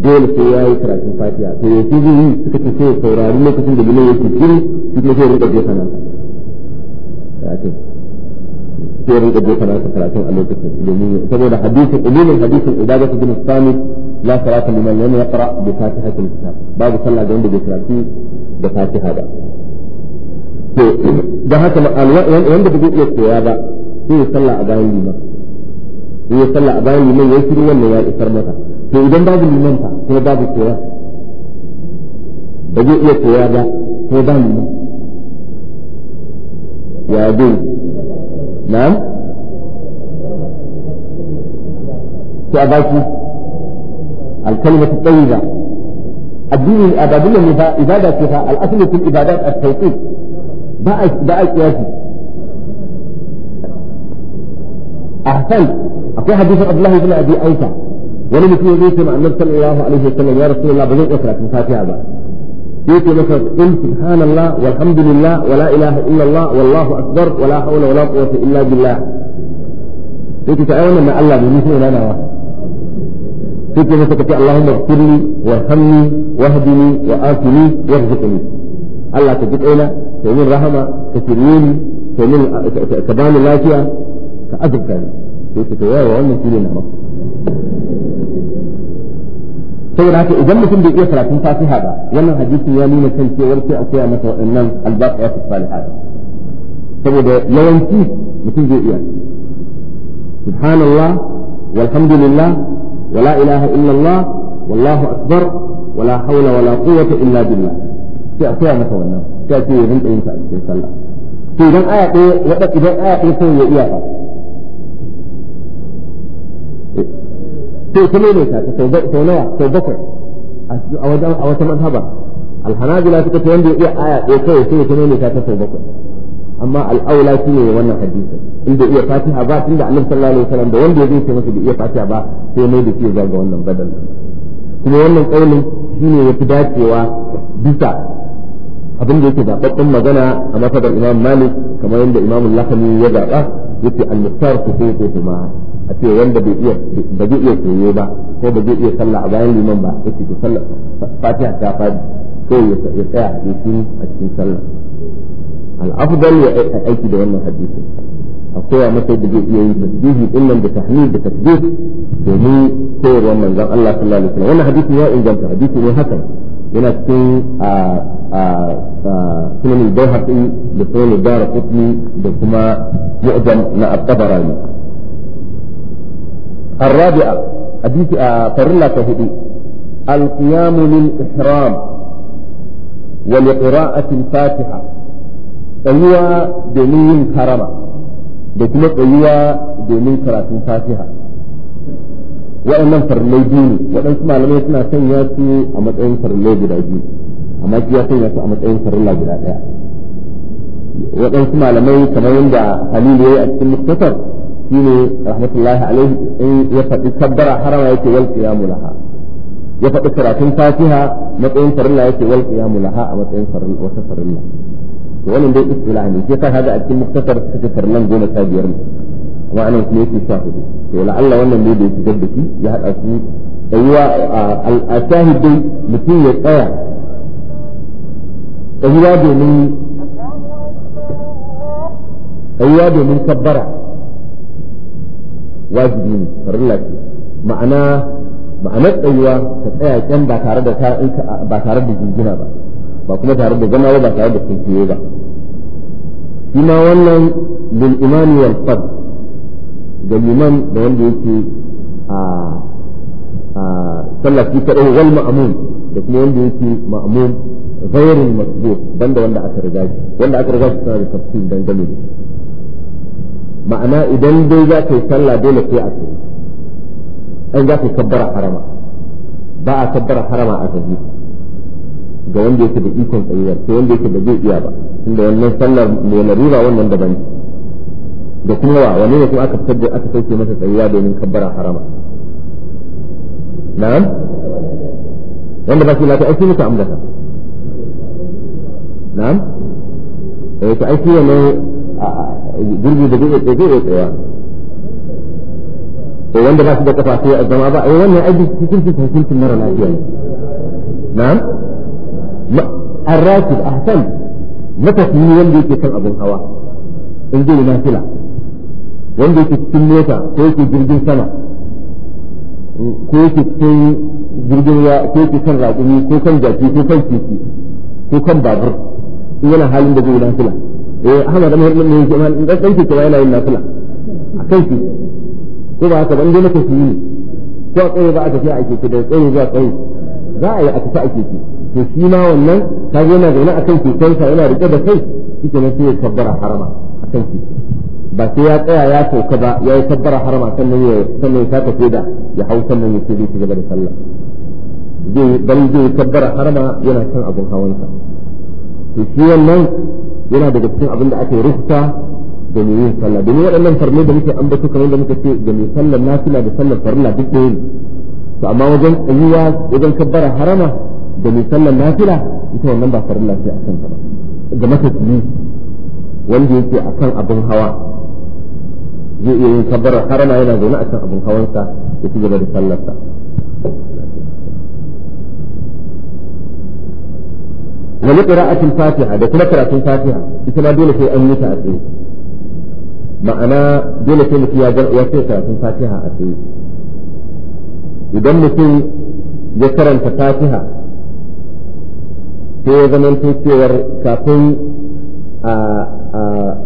dole sai ya yi karatun fatiha to ya fi yi suka ce sai saurari lokacin da liman yake shiru shi kuma sai ya rika jefa nasa sai rinka je kana ta karatun a lokacin domin saboda hadisin ilimin hadisin ibada ta bin sami la salata liman lam yaqra bi fatihatil kitab babu sallah ga wanda bai karatu da fatiha ba to da haka wanda bai iya koya ba sai sallah a bayan liman sai sallah a bayan liman ya shiru wannan ya isar mata to idan babu liman fa sai babu koya ba zai iya koya ba sai ba liman ya dai نعم تعباكي الكلمة الطيبة الدين الأبدية إبادتها الأصل في الإبادات التوقيت بقى بقى قياسي أحسن أقول حديث عبد الله بن أبي أيسى ولم يكن يقول أن نرسل إلى الله عليه وسلم يا رسول الله بزوج أخرى مفاتيح بقى yake masa qul subhanallah walhamdulillah wala ilaha illallah wallahu akbar wala hawla wala quwwata illa billah yake ta na Allah ne sai yana nawa yake masa kace Allahumma ighfirli warhamni wahdini wa afini Allah ka ji kaina ka yi rahama ka shirye ni ka min ka bani lafiya ka azurta ni sai ka yawa wannan shine na saboda haka idan mutum bai iya karatun fatiha ba wannan hadisi ya nuna kan cewar sai a koya masa waɗannan albaqiya fi salihat saboda yawanci mutum zai iya subhanallah walhamdulillah wala ilaha illallah wallahu akbar wala hawla wala quwwata illa billah sai a koya masa wannan sai a ce ya rinka yin ta a cikin sallah to idan aya ɗaya idan aya ɗaya sai ya iya fa sai ta maimaita ta sau nawa sau bakwai a wajen a wata mazhaba alhanabila suka ce wanda ya iya aya ɗaya kawai sai ta maimaita ta sau bakwai amma al'aula shi ne wannan hadisin inda iya fatiha ba tunda annabi sallallahu alaihi wasallam da wanda ya zai ce masa da iya fatiha ba sai mai da shi ya ga wannan badal kuma wannan kaulin shine yafi dacewa bisa abin da yake zaɓaɓɓen magana a mafadar imam malik kamar yadda imam lakami ya zaɓa yake al-muhtar su sai ko jama'a a ce wanda bai iya ba zai iya koyo ba ko ba zai iya sallah a bayan liman ba yace to sallah fatiha ta fadi ko ya tsaya ya shi a cikin sallah al-afdal ya aiki da wannan hadisi a koya masa da zai iya yin tasbihi dinnan da tahmid da takbir domin koyarwa manzon Allah sallallahu alaihi wasallam wannan hadisi ya inganta hadisi ne haka yana cikin a a sunan al-bayhaqi da sunan al-darqutni da kuma mu'jam na al tabarani الرابعة حديث فرلا كهدي القيام للإحرام ولقراءة الفاتحة أيوة دمين كرمة بكما أيوة دمين قراءة الفاتحة waɗannan farillai biyu ne waɗansu malamai suna sanya su a matsayin farillai guda biyu amma ya sanya su a matsayin farilla guda ɗaya waɗansu malamai kamar yadda halilu ya yi a cikin muktasar سينة رحمة الله عليه يفتح كبر حرم يتي والقيام لها يفتح كرة تنفاتها مطعين فر الله يتي والقيام لها مطعين فر وسفر الله سؤال ان بيئت الى عني كيف هذا اكي مختصر ستفر لن دون تاجر وانا اثنين تشاهده سؤال الا وانا ان بيدي تجدتي يهد اسمي ايوا آه، الاشاهد دي متين ايوا دي ايوا دي كبره wajibi ne farilla ce ma'ana ma'anar tsayuwa ta tsaya kyan ba tare da ba tare da jinjina ba ba kuma tare da zama ba tare da kunkiye ba shi ma wannan lil imani wal fad ga liman da wanda yake a sallah ta kadai wal ma'mum da kuma wanda yake ma'mum غير wanda aka ولا أكرجاج ولا أكرجاج صار تفصيل dangane. ma'ana idan dai za ka yi sallah dole sai a tsaye an za ka kabbara harama ba a kabbara harama a zaje ga wanda yake da ikon tsayuwar sai wanda yake da zai iya ba tunda wannan sallar mai larura wannan daban ne da kuma wa wani ne kuma aka fitar da aka sauke masa tsayuwa domin kabbara harama na'am wanda ba shi lafiya aiki muka amdaka na'am eh ta aiki ne jirgi da zai tsaye zai tsaya to wanda ba su da kafa sai a zama ba eh wannan aji cikin cikin cikin mara lafiya ne na'am arrakib ahsan matafiyi wanda yake kan abin hawa in zai na fila wanda yake cikin mota ko yake jirgin sama ko yake cikin jirgin ya ko yake kan raƙumi ko kan jaki ko kan titi ko kan babur in yana halin da zai na fila eh Ahmad Amir din ne yake man dan danki ba yana yin nafila akan shi ko ba haka ban dai nake yi ko a tsaye ba a tafiya ake ce da tsaye zuwa tsaye za a yi a tafi ake ce to shi ma wannan ka ga yana zaune akan kekensa yana rike da kai shi ke sai ya kabbara harama kan shi ba sai ya tsaya ya sauka ba ya yi kabbara harama sannan ya sannan ya saka feda ya hau sannan ya ce zai ci gaba da sallah zai dan zai kabbara harama yana kan abun hawansa to shi wannan yana daga cikin abin da aka yi rufta da mai yin sallah domin waɗannan farne da muke ambato kamar da muka ce da mai sallar nafila da sallar farilla duk da yin to amma wajen tsayuwa wajen kabbara harama da mai sallar nafila ita wannan ba farilla ce a kan ba ga matafiyi wanda yake kan abin hawa zai iya yin kabbara harama yana zaune a kan abin hawansa ya ci gaba da sallarsa ولقراءة الفاتحة ده تنكر في الفاتحة إتنا دولة في أمني تأتي معنا دولة في لكي يجرع وفيتا في الفاتحة أتي يدن في يكرا في الفاتحة في زمن في سور كافي آه، آه،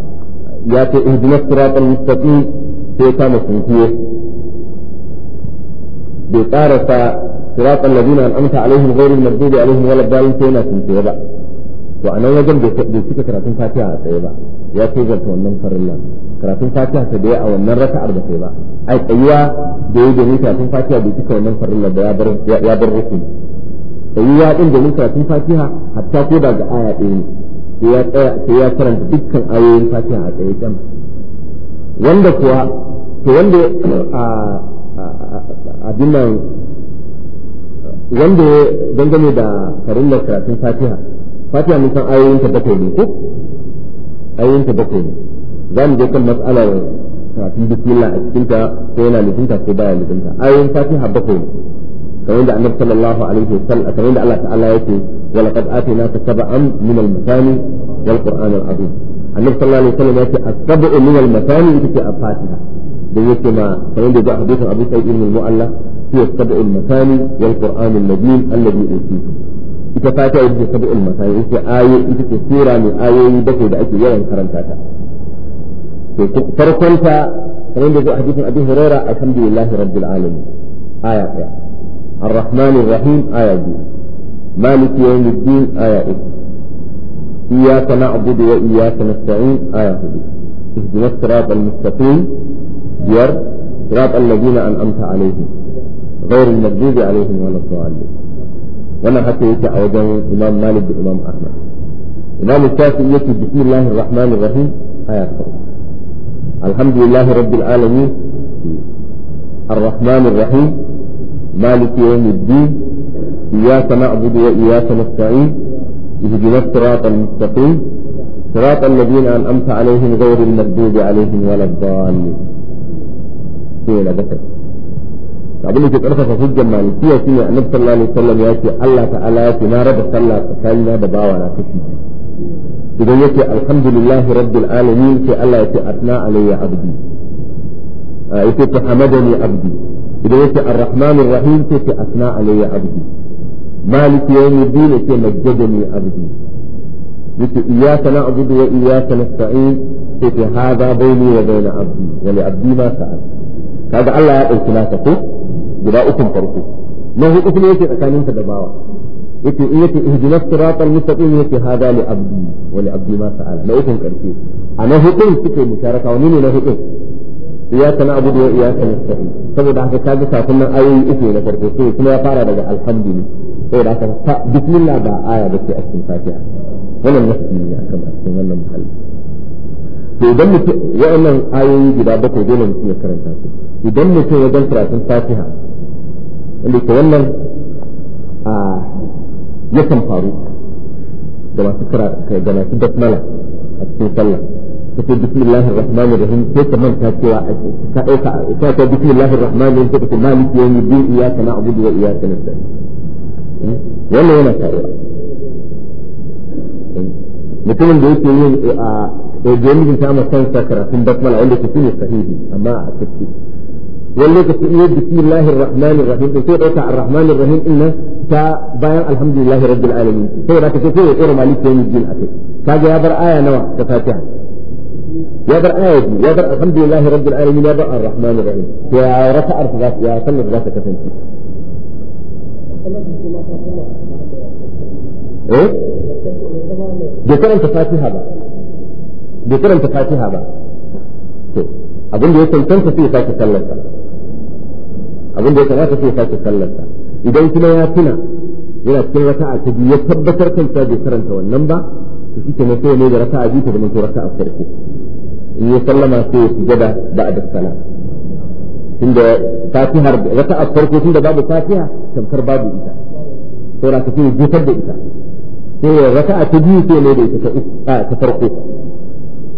ياتي اهدنا الصراط المستقيم في كامس فيه بطارة في صراط الذين أنعمت عليهم غير المغضوب عليهم ولا الضالين سينا سنتي ba to a nan wajen bai cika karatun fatiha a tsaye ba ya ce zarta wannan farillan karatun fatiha ta da a wannan raka'ar da kai ba ai tsayuwa da ya domin fatiha bai cika wannan farillan ba ya bar rukuni tsayuwa din domin karatun fatiha hatta ko da aya ɗaya ne sai ya karanta dukkan ayoyin fatiha a tsaye kan wanda kuwa to wanda abin nan wanda ya dangane da farillar karatun fatiha fatiha mun san ayoyin ta bakwai ne ko ayoyin ta bakwai ne za mu je kan matsalar karatun bismillah a cikin ta ko yana ta ko baya ta ayoyin fatiha bakwai ne kamar da annabi sallallahu alaihi wasallam kamar da Allah ta'ala yake wa laqad atina ka sab'an min al-masani wal qur'an al-azim annabi sallallahu alaihi wasallam yake as-sab'u min al-masani yake a fatiha da yake ma kamar da za a hadisin Abu Sa'id ibn al-Mu'alla في السبع المثاني والقرآن المبين الذي أوتيته إتفاتا يجي سبع المثاني إنك آية في كثيرة من آية يبكي بأيك يلا انكرمتاك فرسلتا فلن يجي حديث أبي هريرة الحمد لله رب العالمين آية آية الرحمن الرحيم آية دي مالك يوم الدين آية إياك نعبد وإياك نستعين آية دي اهدنا الصراط المستقيم جر صراط الذين أنعمت عليهم غير المغضوب عليهم ولا الضالين وانا حتى يجي اوجه امام مالك بامام احمد امام الشافعي يكتب بسم الله الرحمن الرحيم ايات الحمد لله رب العالمين الرحمن الرحيم مالك يوم الدين إياك نعبد وإياك نستعين اهدنا الصراط المستقيم صراط الذين أنعمت عليهم غير المغضوب عليهم ولا الضالين. abin da ke karfafa hujjar malikiya ne annabi sallallahu alaihi wasallam ya ce Allah ta'ala ya ce na raba sallah tsakanina da bawa na kashi idan yake alhamdulillah rabbil alamin ce Allah ya ce atna alayya abdi yake ta hamadani abdi idan yake arrahmanir rahim ce ce atna alayya abdi maliki yawmi din sai majjadani abdi yake iyyaka na'budu wa iyyaka nasta'in sai ce hadha bayni wa bayna abdi wa li abdi ma sa'al kaga Allah ya dauki naka ko guda ukun farko na hudu kuma yake tsakaninsa da bawa yake in yake ihdina siratal mustaqim yake hada li abdi wa li abdi ma sa'ala na ukun karshe a na hudu suke musharaka wani ne na hudu iyyaka na'budu wa iyyaka nasta'in saboda haka kaga kafin nan ayoyi uku na farko sai kuma ya fara daga alhamdulillah saboda haka bismillah ba aya da ke a cikin fatiha wannan nasi ne akan cikin wannan muhalli to idan mutum wa'annan ayoyi guda bakwai dole mutum ya karanta su idan mutum ya dan karatun fatiha wanda ke wannan a yakan faru da masu da masu basmala a cikin sallah ta ce bismillahir rahmanir rahim sai ta manta cewa a ka dauka ta ce bismillahir rahmanir rahim sai ka ce maliki yawmi din iyyaka na'budu wa iyyaka nasta'in eh, wannan yana faruwa eh, mutumin da yake yin a da jami'in ta masan karatun basmala wanda ke ne sahihi amma a cikin wanda ka iya bismillahir rahmanir rahim sai dauka arrahmanir rahim din nan ta bayan alhamdulillahi rabbil alamin sai da kace sai ya maliki yayin jin akai kaga ya bar aya nawa ta fatiha ya bar aya biyu ya bar alhamdulillahi rabbil alamin ya bar arrahmanir rahim ya ya sallar ta kasance eh bai karanta fatiha ba bai karanta fatiha ba to abin da ya tantance sai ya sake sallar abin da ya kamata sai ya sake sallarsa idan kuma ya tuna yana cikin raka'a ta biyu ya tabbatar kansa bai karanta wannan ba to shi kenan sai ne da raka'a biyu ta zama raka'a farko in ya sallama sai ya sujada da adab tunda fatihar raka'a farko tunda babu fatiha tamkar babu ita sai raka sai ya jefar da ita sai ya raka'a ta biyu sai ne da ita ta farko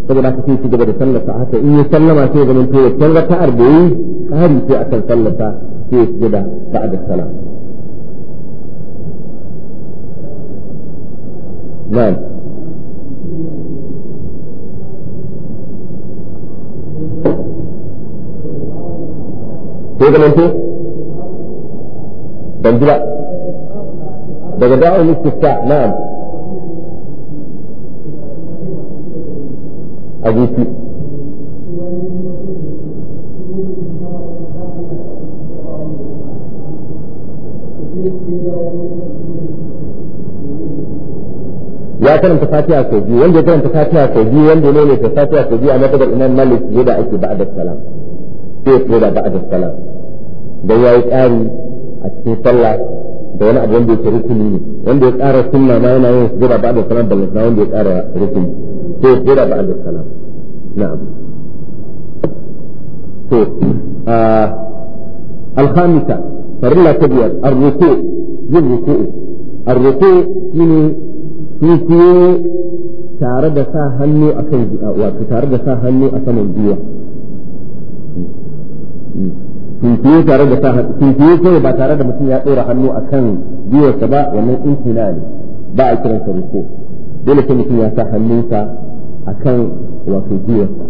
saboda haka sai ya ci gaba da sallarsa haka in ya sallama sai ya zama to ya can raka'ar da yi kari sai akan sallarsa يسجد بعد السلام نعم sai ce ban ji daga da'awar istifta na'am a zuci ya karanta fatiha sau biyu wanda ya karanta fatiha sau biyu wanda ya maimaita fatiha sau biyu a matsayin imam malik ne da ake ba'da salam sai ko da ba'da salam dan yayi ƙari a cikin sallah da wani abu wanda yake rukuni ne wanda ya ƙara sunna ma yana yin sujuda ba'da salam da na wanda ya ƙara rukuni sai ko da ba'da salam na'am to الخامسة فرلا تبيض الركوع ذي الركوع الركوع يعني sun tare da sa hannu akan wato tare da sa hannu a saman giwa sun tare da sa hannu siyo ba tare da mutum ya tsora hannu akan giwarsa ba wannan intina ne ba a kiransa ruko dole sai mutum ya sa hannunsa akan wato giwarsa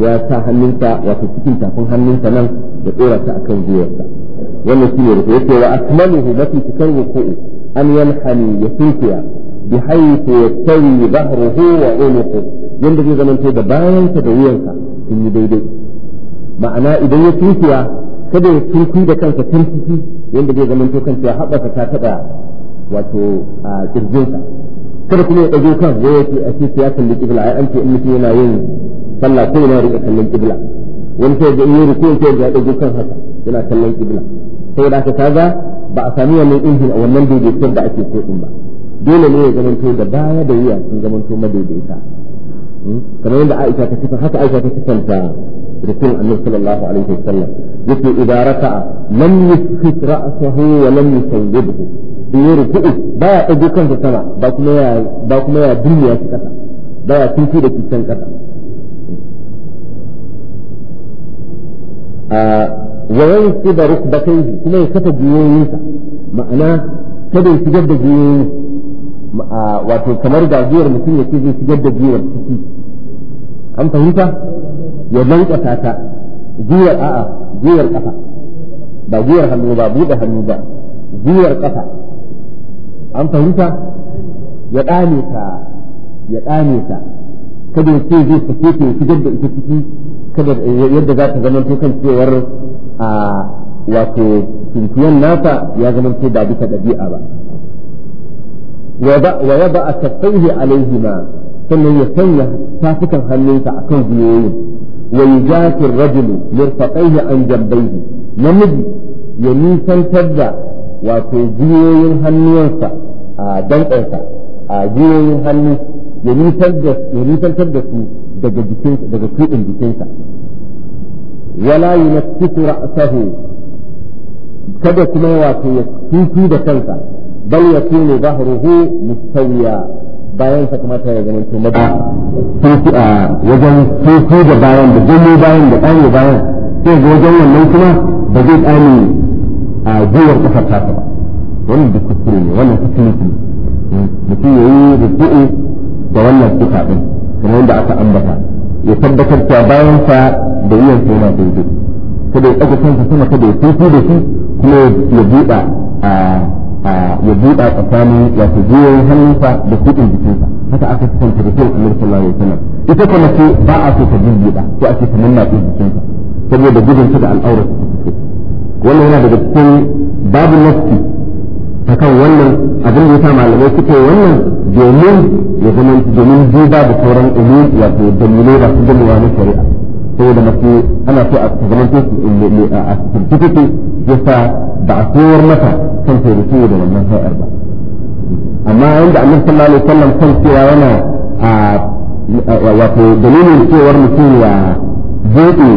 ya sa hannunsa wato cikin tafin hannunsa nan da dora ta akan giwarsa wannan shi ne ruko yake wa akmaluhu mafi cikin ruku'u an yanhani ya sunkuya bi haythu yastawi dhahruhu wa unuqu yanda zai zamanto da bayansa da wuyansa daidai ma'ana idan ya sunkuya kada ya sunkuyi da kansa tuntuki yadda zai zamanto kansa ya haɓaka ta taɓa wato a kirjinsa kada kuma ya ɗago kan wai yake a ce ya kalli kibla ai an ce in mutum yana yin sallah ko yana riƙa kallon kibla wani sai ga yi ruku sai ga ɗago kan haka yana kallon kibla da aka kaga ba a sami wannan injin a wannan daidaitar da ake so ba dole ne ya zamanto da baya da wuya sun zamanto madaidaita hmm? kamar yadda Aisha ta kusa haka Aisha ta kusa ta rukun Annabi sallallahu alaihi wasallam yake idan raka lam yusfit ra'sahu wa lam yusawwibhu yi ruku'u ba ya ɗago kansa sama ba kuma ya ba kuma ya dunya shi kasa ba ya tunci da kicin kasa ah, wa yanqid rukbatayhi kuma ya kafa jiyoyinsa ma'ana kada ya shigar da jiyoyin wato kamar gajiyar mutum ya ce zai shigar da jiyar ciki an fahimta ya lankwasa ta jiyar a'a jiyar kafa ba jiyar hannu ba buɗe hannu ba jiyar kafa an fahimta ya ɗane ta ya ɗane ta kada ya ce zai sake ta ya shigar da ita ciki kada yadda za ta zama to kan cewar a wato tuntuyan nasa ya zama ce da bisa ɗabi'a ba wa yaba a tafaihi alaihima sannan ya sanya tafukan hannunsa a kan gwiwoyin wa yujatir rajulu mirfaqaihi an jambaihi namiji ya nisantar da wato gwiwoyin hannuwansa a danƙansa a gwiwoyin hannu ya nisantar da su daga jikinsa daga kuɗin jikinsa wala yunakkisu ra'sahu kada kuma wato ya tutu da kansa bal yakunu bahruhu mustawiya bayan sa kuma ta zama to mada tutu a wajen tutu da bayan da gano bayan da ɗanye bayan sai ga wajen wannan kuma ba zai ɗani a gwiwar ƙasar tasa ba wannan duk kuskure ne wannan kuskure ne mutum ya yi rubu'u da wannan tuka ɗin kamar yadda aka ambata ya tabbatar cewa bayan sa da yiyan sa yana daidai kada ya ɗaga kansa sama kada ya tofi da shi kuma ya buɗa ya buɗa tsakanin wato jiyoyin hannunsa da kuɗin jikinsa haka aka fi kanta da kyau annabi sallallahu alaihi wasallam ita kuma ce ba a so ta buɗa ko ake ta nanna ɗin jikinsa saboda gudun ta da al'aurar wannan yana daga cikin babu nafsi akan wannan abin da ya sa malamai suke wannan domin ya zama domin duba da sauran ilmi wato dalilai da su gama na shari'a da mace ana so a zama su a certificate ya sa ba a koyar mata kan taimako da wannan hai'ar ba amma yanda annabi sallallahu alaihi wasallam kan cewa yana a wato dalilin cewar mutum ya buɗe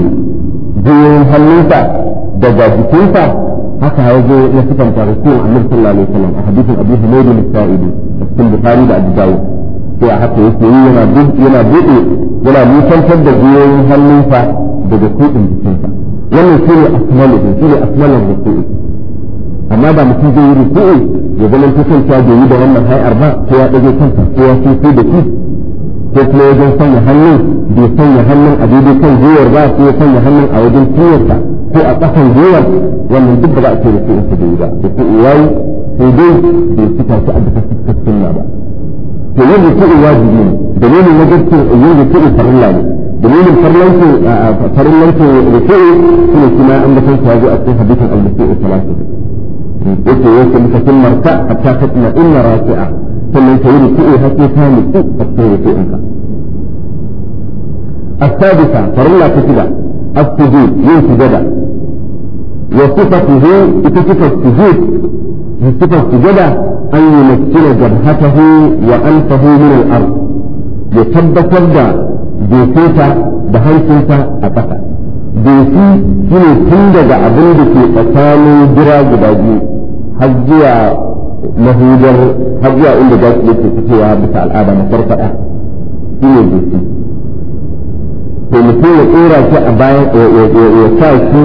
goyon hannunsa daga jikinsa haka ya zo ya sifanta hukumar annabi sallallahu alaihi wasallam a hadisin abu humaydi al-sa'idi cikin bukhari da abu dawud sai a haka yake yi yana yana bude yana mutantar da goyoyin hannunsa daga kudin jikinsa wannan shi ne asmalu shi ne asmalu ruku'i amma ba mutum zai yi ruku'i ya zama ta kanta bai yi da wannan hai'ar ba ko ya ɗage kansa ko ya da shi ko kuma wajen sanya hannun bai sanya hannun a daidai kan gwiwar ba ko sanya hannun a wajen cinyarsa ko a ƙasan gwiwar wannan duk da ba a ce rufe su da yi ba da su iyayi sai dai bai cika su a bisa fuskar sunna ba to yin rufe wajibi ne dalilin na gaske yin rufe farilla ne dalilin farlanci farlanci rufe su ne kuma an bakan su wajen a cikin hadisin al-rufe salatu yake yake muka sun marka a ta fatina inna rafi'a sannan ka yi da ce hake ta ne ko a cikin rufe ɗinka. A sadisa, farilla ta shida, a suje yin sujada, ya suka suje, ita suka suje, ya suka sujada, an yi mafcina jarhatahu wa an tahu min al'ar, ya tabbatar da dokota da hankinta a kasa Doki shi tun daga abin da ke tsakanin jira guda biyu, har zuwa mahujar har zuwa inda za su yake fitowa bisa al'ada na farfada shi ne goshi to mutum ya tsora shi a bayan ya sa shi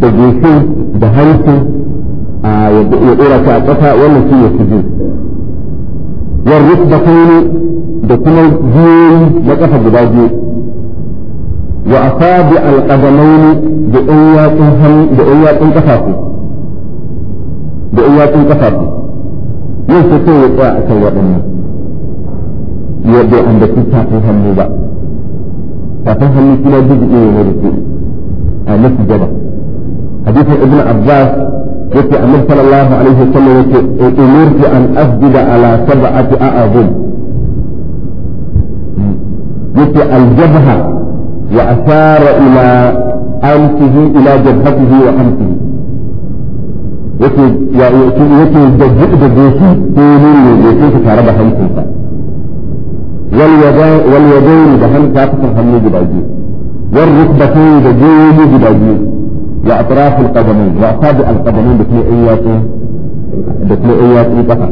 da goshi da hanci ya tsora shi a ƙasa wannan shi ne su yan rukbatani da kuma jiyoyi na ƙasa guda biyu wa asabi alqadamaini da ɗan da ɗan yatsun ƙafafu da yatsun so ya tsaya akan waɗannan ya bai ambaci tafin hannu ba tafin hannu kuma duk iya na rufe a mafi gaba hadisin ibn abbas yake annabi sallallahu alaihi wasallam yake umurtu an asjuda ala sab'ati a'zum yake aljabha wa asara ila amtihi ila jabhatihi wa amtihi yake yake da da goshi ko nuni ne yake tare da hankinsa wal yada wal yadayn da hannu ta kusan hannu guda biyu wal rukbatayn da goyoyi guda biyu wa atraf al qadamayn wa asabi al qadamayn da kuma ayyatu da kuma ayyatu kafa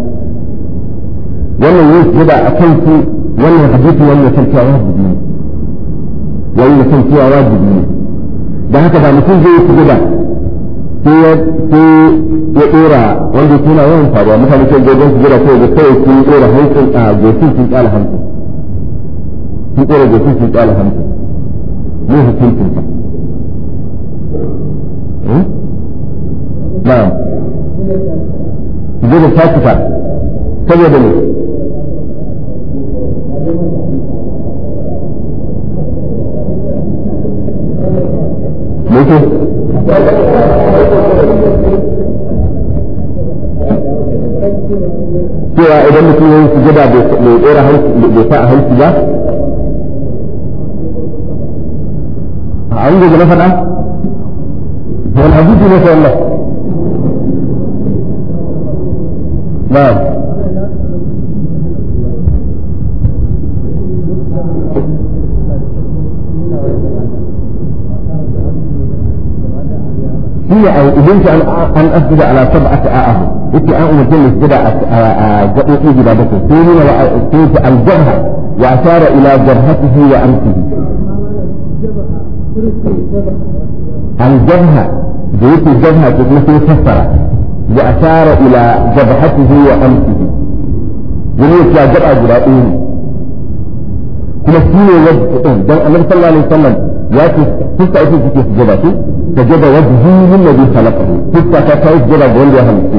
wannan yin sujada akan su wannan hadisi wannan kan cewa wajibi ne wannan kan cewa wajibi ne da haka ba mutum zai yi sujada sai ya ya wanda ya tona yawan faruwa mutane sai gogon su jira kawai da kawai sun dora hancin a gosin sun kyala hancin sun dora gosin sun kyala eh? ne saboda ne Thank you. cewa idan mutum ya yi sujada bai tsora bai sa a hanci ba a an gobe na faɗa wani hadisi ne sai Allah هي أو إذنت أن أسجد على سبعة آه إتي أن آه أمتن أسجد جبوتي آه، آه، جبابته سيرين وأسجد الجبهة وأشار إلى جبهته وأمته الجبهة جيت الجبهة تتمثل كسرة وأشار إلى جبهته وأمته جميل يا جبهة جبائين كما سيني وجه إن النبي صلى الله عليه وسلم يأتي fuska ita suke su gaba su ta gaba wadda zuhin da zai halaka fuska ta ta yi gaba wanda ya halitta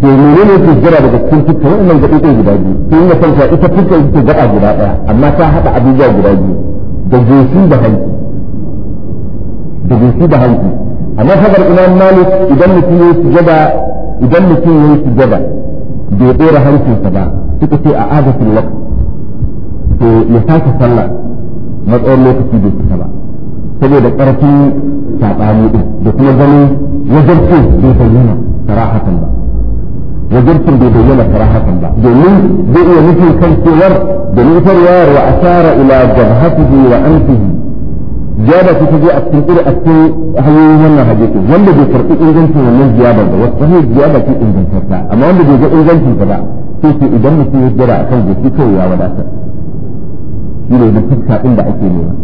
to ne ke jira daga cikin fuska wannan gaɓoɓin guda biyu sai ina kanta ita fuska ita gaba guda ɗaya amma ta haɗa abubuwa guda biyu da goshi da hanci da goshi da hanci a mazhabar imam malik idan mutum ya yi sujada idan mutum ya yi bai ɗora hancinsa ba suka ce a adatul to ya sake sallah matsayin lokaci bai fita ba saboda ƙarfin saɓani ɗin da kuma ganin wajarcin bai bayyana sarahatan ba wajarcin bai bayyana sarahatan ba domin zai iya nufin kan cewar da nufarwa wa asara ila jabhatihi wa anfihi ziyada ta je a cikin ƙuri a cikin hanyoyin wannan hadisin wanda bai karɓi ingancin wannan ziyada ba wata hanyar ziyada ce ingantarta amma wanda bai ga ingancin ta ba sai ce idan mutum ya jira akan gobe kawai ya wadatar shi ne na fuska ɗin da ake nema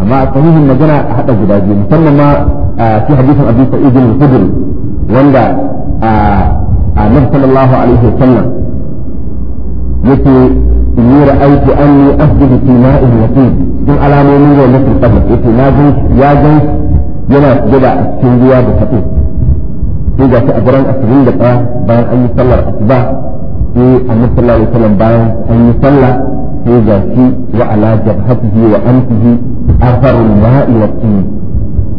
amma a sahihin magana a haɗa guda biyu musamman ma fi hadisin abu sa'id al-khudri wanda a nabi sallallahu alaihi wa sallam yake inni ra'aytu anni asjudu fi ma'in yaqin dun alamomin da nake tabbata yake na gan ya gan yana sujada a cikin ruwa da fatu sai ga shi a gurin asirin da bayan an yi sallar asuba sai annabi sallallahu alaihi wa sallam bayan an yi sallah sai ga shi wa ala jabhatihi wa anfihi atharul ma'i wa tin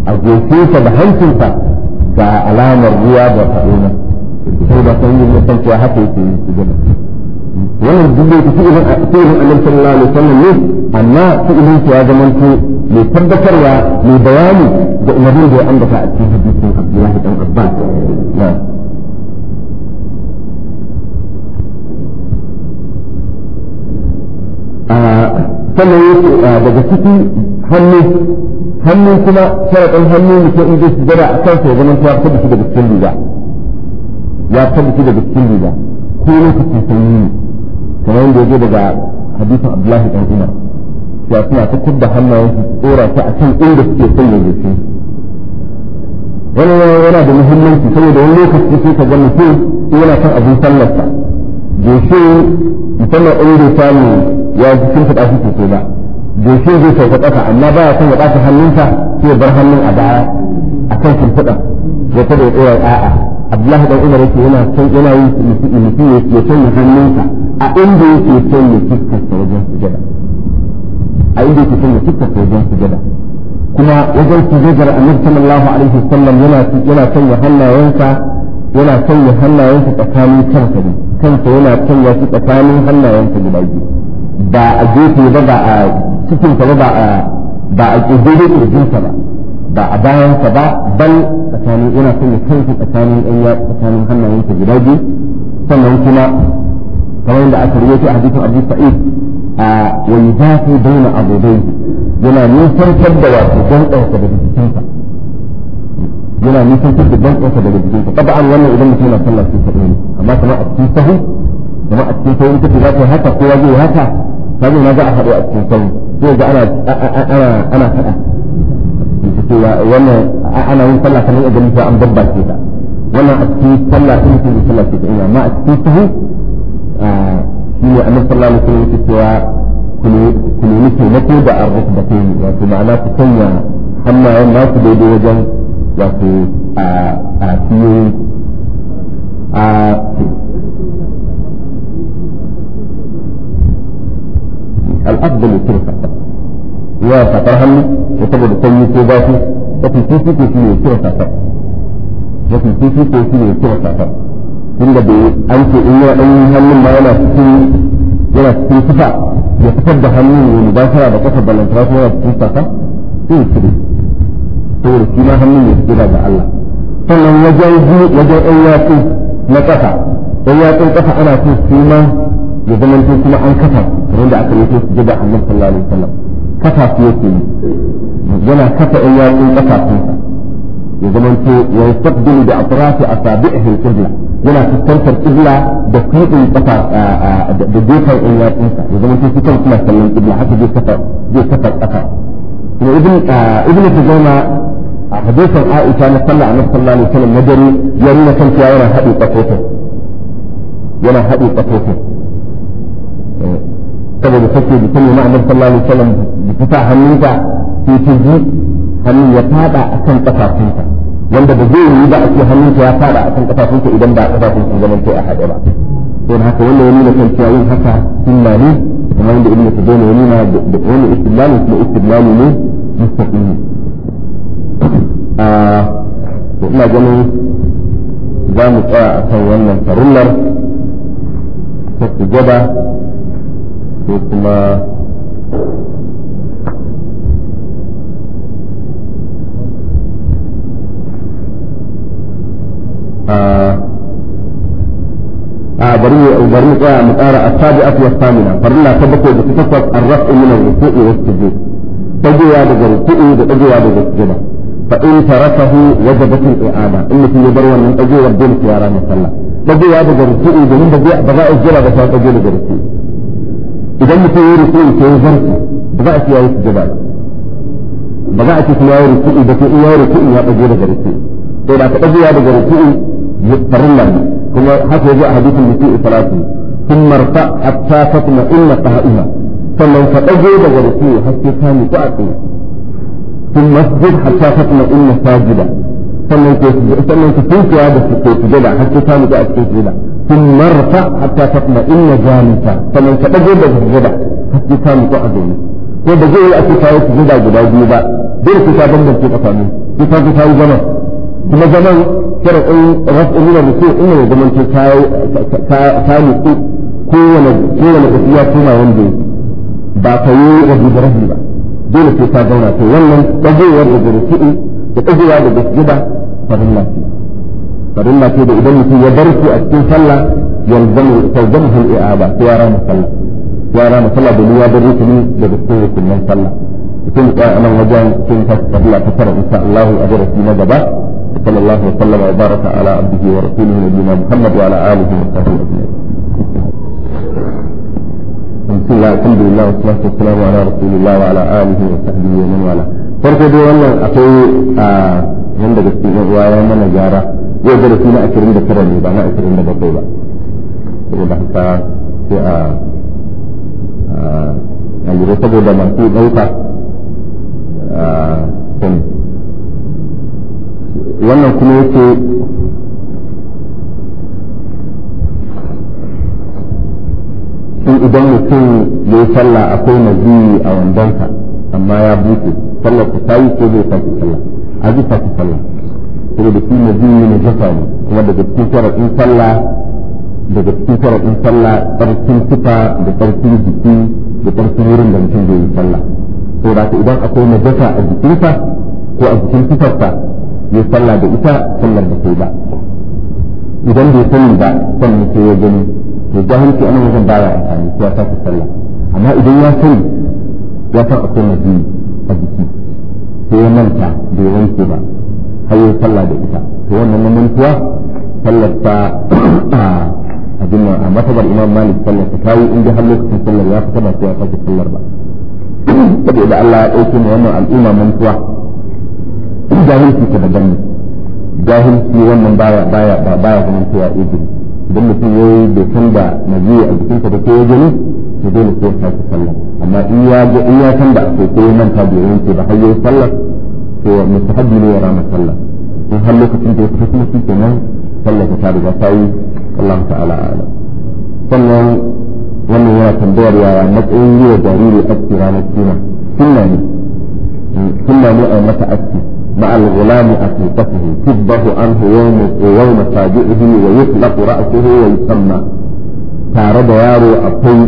a gofinsa da hancinsa ga alamar ruwa da fa'ina sai da san yi san cewa haka yake yi su gaba wannan dubbe ta su irin a cikin annabi sallallahu alaihi wasallam ne amma su irin ya zamanto mai tabbatarwa mai bayani da umarnin da ya ambata a cikin hadisin Abdullahi dan Abbas sannan yake daga ciki hannu hannun kuma sharaɗin hannu mutum in zai sujada a kansa ya zama ya fitar da shi daga cikin riga ya fitar da shi daga cikin riga ko lokacin sanyi ne kamar yadda ya daga hadisin abdullahi ɗan umar ya suna fitar da hannayen su tsora su a kan inda suke sanya jiki wannan yana da muhimmanci saboda wani lokaci sai ka ga ko yana kan abin sallarsa goshe musamman in bai samu ya cikin sosai ba zai sauka ƙasa amma ba ya ya ɓata hannunsa sai bar hannun a baya a kan shimfiɗa ya kada ya tsaya a'a abdullahi dan umar yake yana son yana yin mutum ya sanya hannunsa a inda yake sanya wajen sujada a inda yake sanya fuskarsa wajen sujada kuma wajen sujadar annabi sallallahu alaihi wasallam yana yana sanya hannayensa yana hannayensa tsakanin kansa ne kansa yana kan ya fi tsakanin hannayensa guda biyu ba a gefe ba ba a cikinsa ba ba a ba a ƙirgire ƙirjinsa ba ba a bayansa ba bal tsakanin yana kan ya kansa tsakanin ɗan ya tsakanin hannayensa guda biyu sannan kuma kamar da aka rubuta a hadisin Abu Sa'id a wani zafi bayyana abubuwan yana nisantar da wato don ɗansa daga jikinsa yana nisan da ban ɗansa daga jikin ka taba'an wannan idan mutum yana sallah cikin sahu ne amma kamar a cikin sahu kamar a cikin sahu kake za ka haka ko waje haka kaga na za a haɗu a cikin sahu sai ga ana ana ana faɗa cewa wannan ana yin sallah kamar idan mutum an babba ce ta wannan a cikin sallah ɗin mutum bai sallah ce ta ina amma a cikin sahu shi ne annabi sallallahu alaihi wasallam yake cewa ku nemi taimako da arzuku da kai wato ma'ana ku sanya hannayen naku daidai wajen wato a a fiye a al'abdul turka ya sakar hannu ya saboda sanyi ko zafi mafi fifiko shi ne kira sakar mafi fifiko shi ne kira sakar tunda bai an ce in yana ɗan hannun ma yana cikin yana cikin sufa ya fitar da hannun ne ba shara da ƙasar balantara kuma yana cikin sakar sai ya cire saboda shi ma hannun ya tsira ga Allah sannan wajen biyu wajen ɗan yatsu na ƙasa ɗan yatsun ƙasa ana so su ma ya zamanto kuma an kafa kamar da aka yi su jada a sallallahu alaihi wasallam kafa su yake yi yana kafa ɗan yatsun su ya zamanto ya yastaqbilu a atrafi a al-qibla yana fuskantar kibla da kudin kafa da gefen in yatsunsa ya zama su kan kuma sallan kibla haka zai kafa zai kafa kuma ibn ibn tuzama حديث عائشة أن صلى الله عليه وسلم مدري يرينا كم في عورة هدي قطوته ولا هدي قطوته طبعا بحكي بكل معنى صلى الله عليه وسلم طيب، بفتاة هميزة في تجيب هم يتابع أكم تفاصيلك وانت بزيل يدع في هميزة يتابع أكم تفاصيلك إذا انبع تفاصيلك في زمن في أحد أبعك دون حتى ولا يمين كم في عورة حتى سنة ليه وما عنده إبنة دون يمينها دون استدلال اسمه استدلال ليه مستقيمين a ina ganin za mu tsaya a kan wannan farullar ta gaba ko kuma a bari bari mu tsaya mu tsara afiya samina farilla ta bakwai da ta takwas arrafu min ar-ruku'i was-sujud dagewa daga ruku'i da dagewa daga gaba. فإن تركه وجبت الإعادة إن في يدروا من أجي والدين في عرام الصلاة بجي هذا جرسي إذا من بجي بغاء الجلى بس هذا أجي جرسي إذا من في يرسي في يرسي بغاء في يرسي جبال بغاء في يرسي إذا في يرسي هذا أجي جرسي إذا تأجي هذا جرسي فرلا كما حتى جاء حديث المسيء ثلاثة ثم ارتأ حتى تطمئن قائمة فلو تأجي جرسي حتى كان تأتي في المسجد حتى تطمئن ساجدا sannan ku tunkiya da su ke har ki samu da ake sujada kun marfa hatta tatma'inna jalisa sannan ka dago da sujada har ki samu ko a zaune ko da zai guda biyu ba dole ku ta bambance tsakanin ki ta ku kawo zaman kuma zaman shar'in raf'in min rusul inna ya zaman ki kawo ka tafiya kuma wanda ba ka yi rabi da ba dole sai ta zauna to wannan ɗagewar da zurfi da ɗagewa da gasgida farin lafi farin lafi da idan mutum ya bar su a cikin sallah yalzamu tawzamu hal i'aba to ya rama sallah ya rama sallah da niyya da rukuni da gaske rukunin sallah mutum ya a nan wajen cin fasila ta tara insha Allah a darasi na gaba sallallahu alaihi wa sallam wa baraka ala abdihi wa rasulihi nabiyina muhammad wa ala alihi wa sahbihi ajma'in بسم الله الحمد لله والصلاة والسلام على رسول الله وعلى آله وصحبه ومن والاه farko دي wannan akwai a daga cikin ya mana gyara yau na 29 ba na 27 ba saboda sai a a lura saboda masu ɗauka wannan kuma in idan mutum ya yi sallah akwai nazi a wandonka amma ya buke sallar ta tayi ko zai sake sallah a zai sake sallah saboda shi nazi ne jafa ne kuma daga cikin sharaɗin sallah daga cikin sharaɗin sallah tsarkin tufa da tsarkin jiki da tsarkin wurin da mutum zai yi sallah da ka idan akwai najasa a jikinsa ko a jikin tufarsa ya sallah da ita sallar da sai ba idan bai sani ba sannan sai ya gani to jahilci ana wajen baya amfani sai ya sallah amma idan ya sani ya san akwai mazi a jiki sai ya manta bai wanke ba har sallah da ita to wannan mantuwa sallar ta a jinnan a matabar imam malik sallar ta kayi in har lokacin sallar ya fita ba sai ya sake sallar ba saboda Allah ya ɗauke mu wannan al'umma mantuwa jahilci ta da ne jahilci wannan baya baya baya ganin cewa ijiri idan mutum ya yi bai san da majiyi a jikinsa da ko ya gani to dole sai ya sake sallah amma in ya ga in ya san da akwai ko ya manta bai yanke ba har ya sallah to mustahabbi ne ya rama sallah in har lokacin da ya fito kuma shi kenan sallah ta riga ta yi wallahu ta'ala a'lam sannan wannan yana tambayar yaya matsayin yi wa jariri aski ranar suna sunna ne sunna ne a mata aski مع الغلام عقيقته تذبح عنه يوم يوم فاجئه ويطلق رأسه ويسمى tare da yaro akwai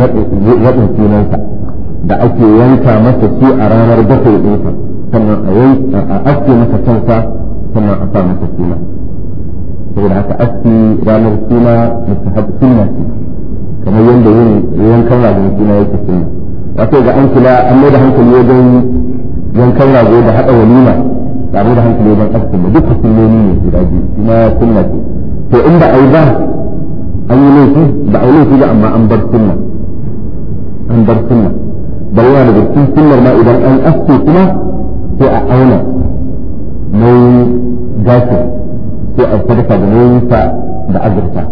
raɗin sunansa da ake yanka masa shi a ranar bakwai ɗinsa sannan a aske masa kansa sannan a sa masa suna saboda haka aske ranar suna mustahab sunna ce kamar yadda yin yankan ranar suna yake sunna wato ga an kula an mai da hankali wajen yankan rago da haɗa walima tare da hankali wajen da duk sunnoni ne guda biyu kuma sunna ce to in ba a yi ba an yi laifi ba a yi laifi ba amma an bar sunna an bar sunna bal yana daga cikin sunnar ma idan an aske kuma sai a auna nauyin gashin sai a sadaka da ta da azurta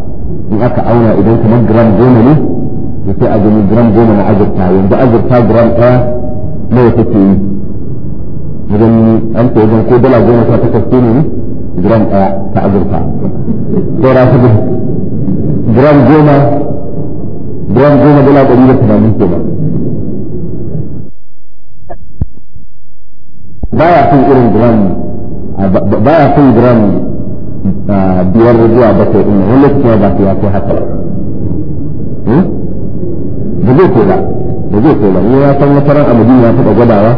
in aka auna idan kamar gram goma ne ya sai a gani gram goma na azurta yanzu azurta gram ɗaya nawa ke yi wajen an ta wajen ko dala goma sha takwas ko ne gram ɗaya ta azurfa saura su gram goma gram goma dala ɗari da tamanin ba baya son irin gram baya son gram biyar zuwa bakwai ɗin wani lokacin ba su ya kai haka ba hmm? zai ko ba ba zai ko ba ya san wata ran a madina ya taɓa gwadawa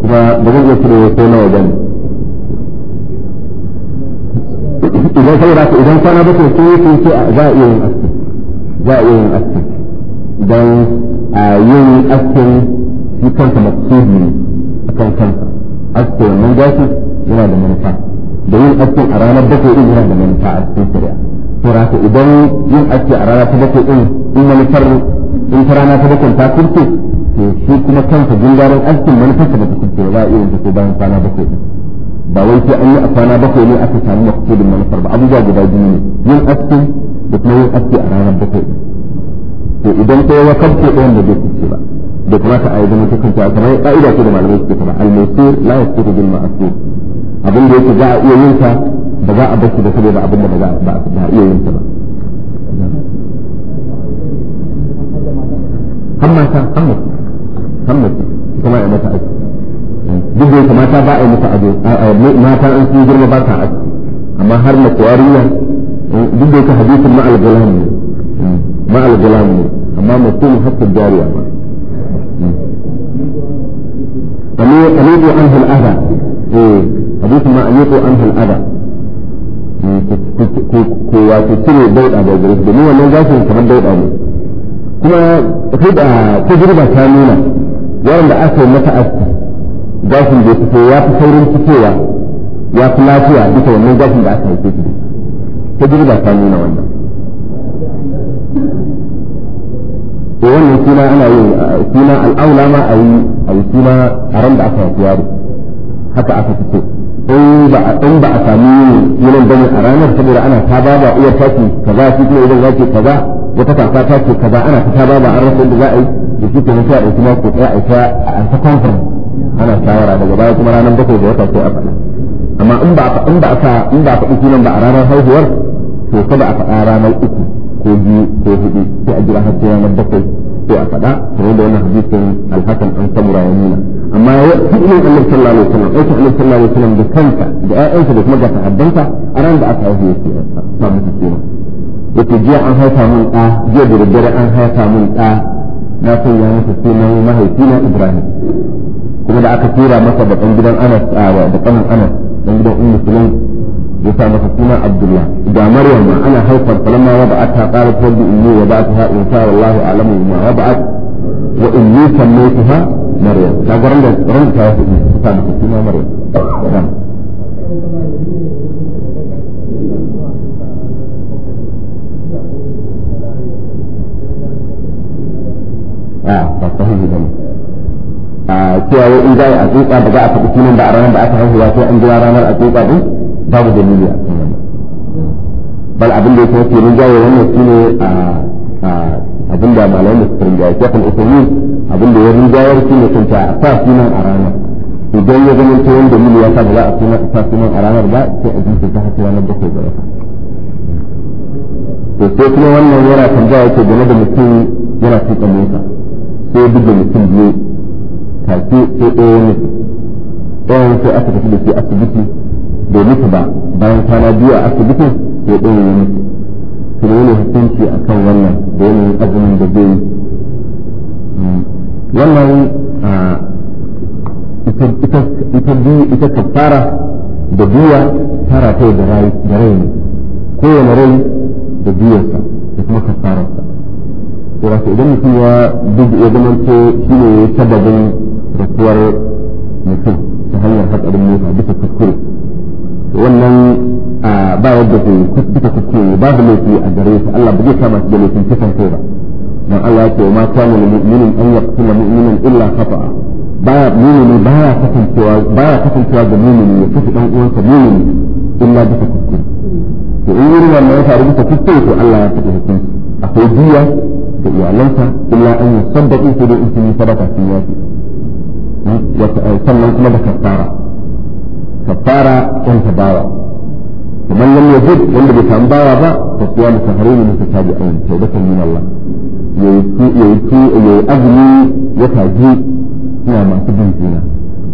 kuma ba zan iya cire ko nawa bane idan saboda ka idan kwana bakwai sun yi sun ce za a iya yin aski za a iya yin aski don a yin askin shi kansa maksudi ne a kan kansa aski wannan gashi yana da manufa da yin askin a ranar bakwai din yana da manufa a cikin shari'a saboda ka idan yin aski a rana ta bakwai din in manufar in ta rana ta bakwai ta kurce shi kuma kansa gundarin askin manufarsa da ta kubce ba a iya ta ko bayan kwana bakwai ba wai sai an yi a kwana bakwai ne aka samu maksudin manufar ba abubuwa guda biyu ne yin askin da kuma yin aski a ranar bakwai to idan kai ya kabce ɗayan da zai kubce ba da kuma ka ayi zama ta kanta kamar ka'ida ce da malamai suke fara al-maisir la yasqutu bil su abin da yake za a iya yin sa ba za a bashi da saboda abin da ba za a iya yin sa ba hammata hammata musamman ita ma a mata aiki duk da yake mata ba a yi mata mata an sun girma ba ta aiki amma har na yarinya duk da yake hadisin ma gulam ne ma gulam ne amma mutum hatta jariya ba أليق عنه الأذى حديث ما أليق عنه الأذى ku wato cire bauɗa da gare su domin wannan gashin kamar bauɗa ne kuma kuda ta nuna wanda aka yi mata aski gashin da ya fito ya fi saurin fitowa ya fi lafiya duka wannan gashin da aka haife shi ta jirga ta nuna wannan to wannan suna ana yin suna al'aula ma a yi a yi suna a ran da aka haifi yaro haka aka fito in ba a in ba a sami sunan bane a ranar saboda ana ta baba uwar taki kaza shi kuma idan zaki kaza wata kaka ta ce kaza ana ta baba an rasa da za a yi to shi kenan sai a ɗauki mako ɗaya a ta a ta conference ana shawara daga baya kuma ranar bakwai da wata sai a faɗa amma in ba a in ba a in ba a faɗi sunan ba a ranar haihuwar to kada a faɗa ranar uku ko biyu ko huɗu sai a jira har sai ranar bakwai sai a faɗa kamar da wannan hadisin alhakan an samura ya nuna amma hukumin annabi sallallahu alaihi wasallam aikin annabi sallallahu alaihi wasallam da kanka da ƴaƴansa da kuma ga ta'addanta a ranar da aka haihu yake samu kenan yake jiya an haifa mun ɗa jiya da daddare an haifa mun ɗa na sanya masa sunan mahaifina Ibrahim kuma da aka tura masa da ɗan gidan Anas da ƙanan Anas ɗan gidan Ummu Sulaim ya sa masa suna Abdullah ga Maryam ma ana haifar falamma wada'ata qalat rabbi inni in unsa wallahu a'lamu ma wada'at wa inni sammaytuha Maryam da garan da ran ta wasu sa masa suna Maryam a ah, ba a ah, cewa in za a ba za a faɗi sunan da a ranar da aka an jira ranar a babu dalili a kan wannan bal abin da ya rinjaye wannan a ah, abin da da rinjaye abin da ya rinjayar shi ne kanta a sa sunan a ranar idan ya zama ta yin mili ya sa ba za a sa sunan a ranar ba sai a jinsu ta hasi ranar bakwai ga wata to sai kuma wannan yana tambaya yake game da mutum yana tuka mota sai ya da mutum biyu take sai ɗaya mutu ɗayan sai aka tafi da shi asibiti bai mutu ba bayan kwana biyu a asibitin sai ɗaya ya mutu to ne hukunci a kan wannan da yanayin azumin da zai mm. wannan ita ita kafara da biya tara ta da rai ne kowane rai da biyarsa da kuma kafararsa wato idan mutum ya duk ya zama ce shi ne ya sababin rasuwar mutum ta hanyar hatsarin mota duka kuskure wannan ba yadda ku bisa kuskure da laifi a gare shi Allah ba zai kama shi da laifin kisan kai ba dan Allah ya ce ma kana lil mu'minin an yaqtula mu'minan illa khata'a baya mu'mini baya kasancewa baya kasancewa ga mu'mini ya kasu dan uwansa mu'mini illa duka kuskure to in irin wannan ya faru bisa kuskure to Allah ya faɗi hukunci akwai biya da iyalansa illa an yi saddaqu sai da in sun yi sadaka sun yafi hmm? eh, sannan kuma da kafara kafara yan bawa kamar lam zub wanda bai samu bawa ba fa siyamu sahrayn da kan nuna Allah yayi yayi azumi ya taji suna masu bin juna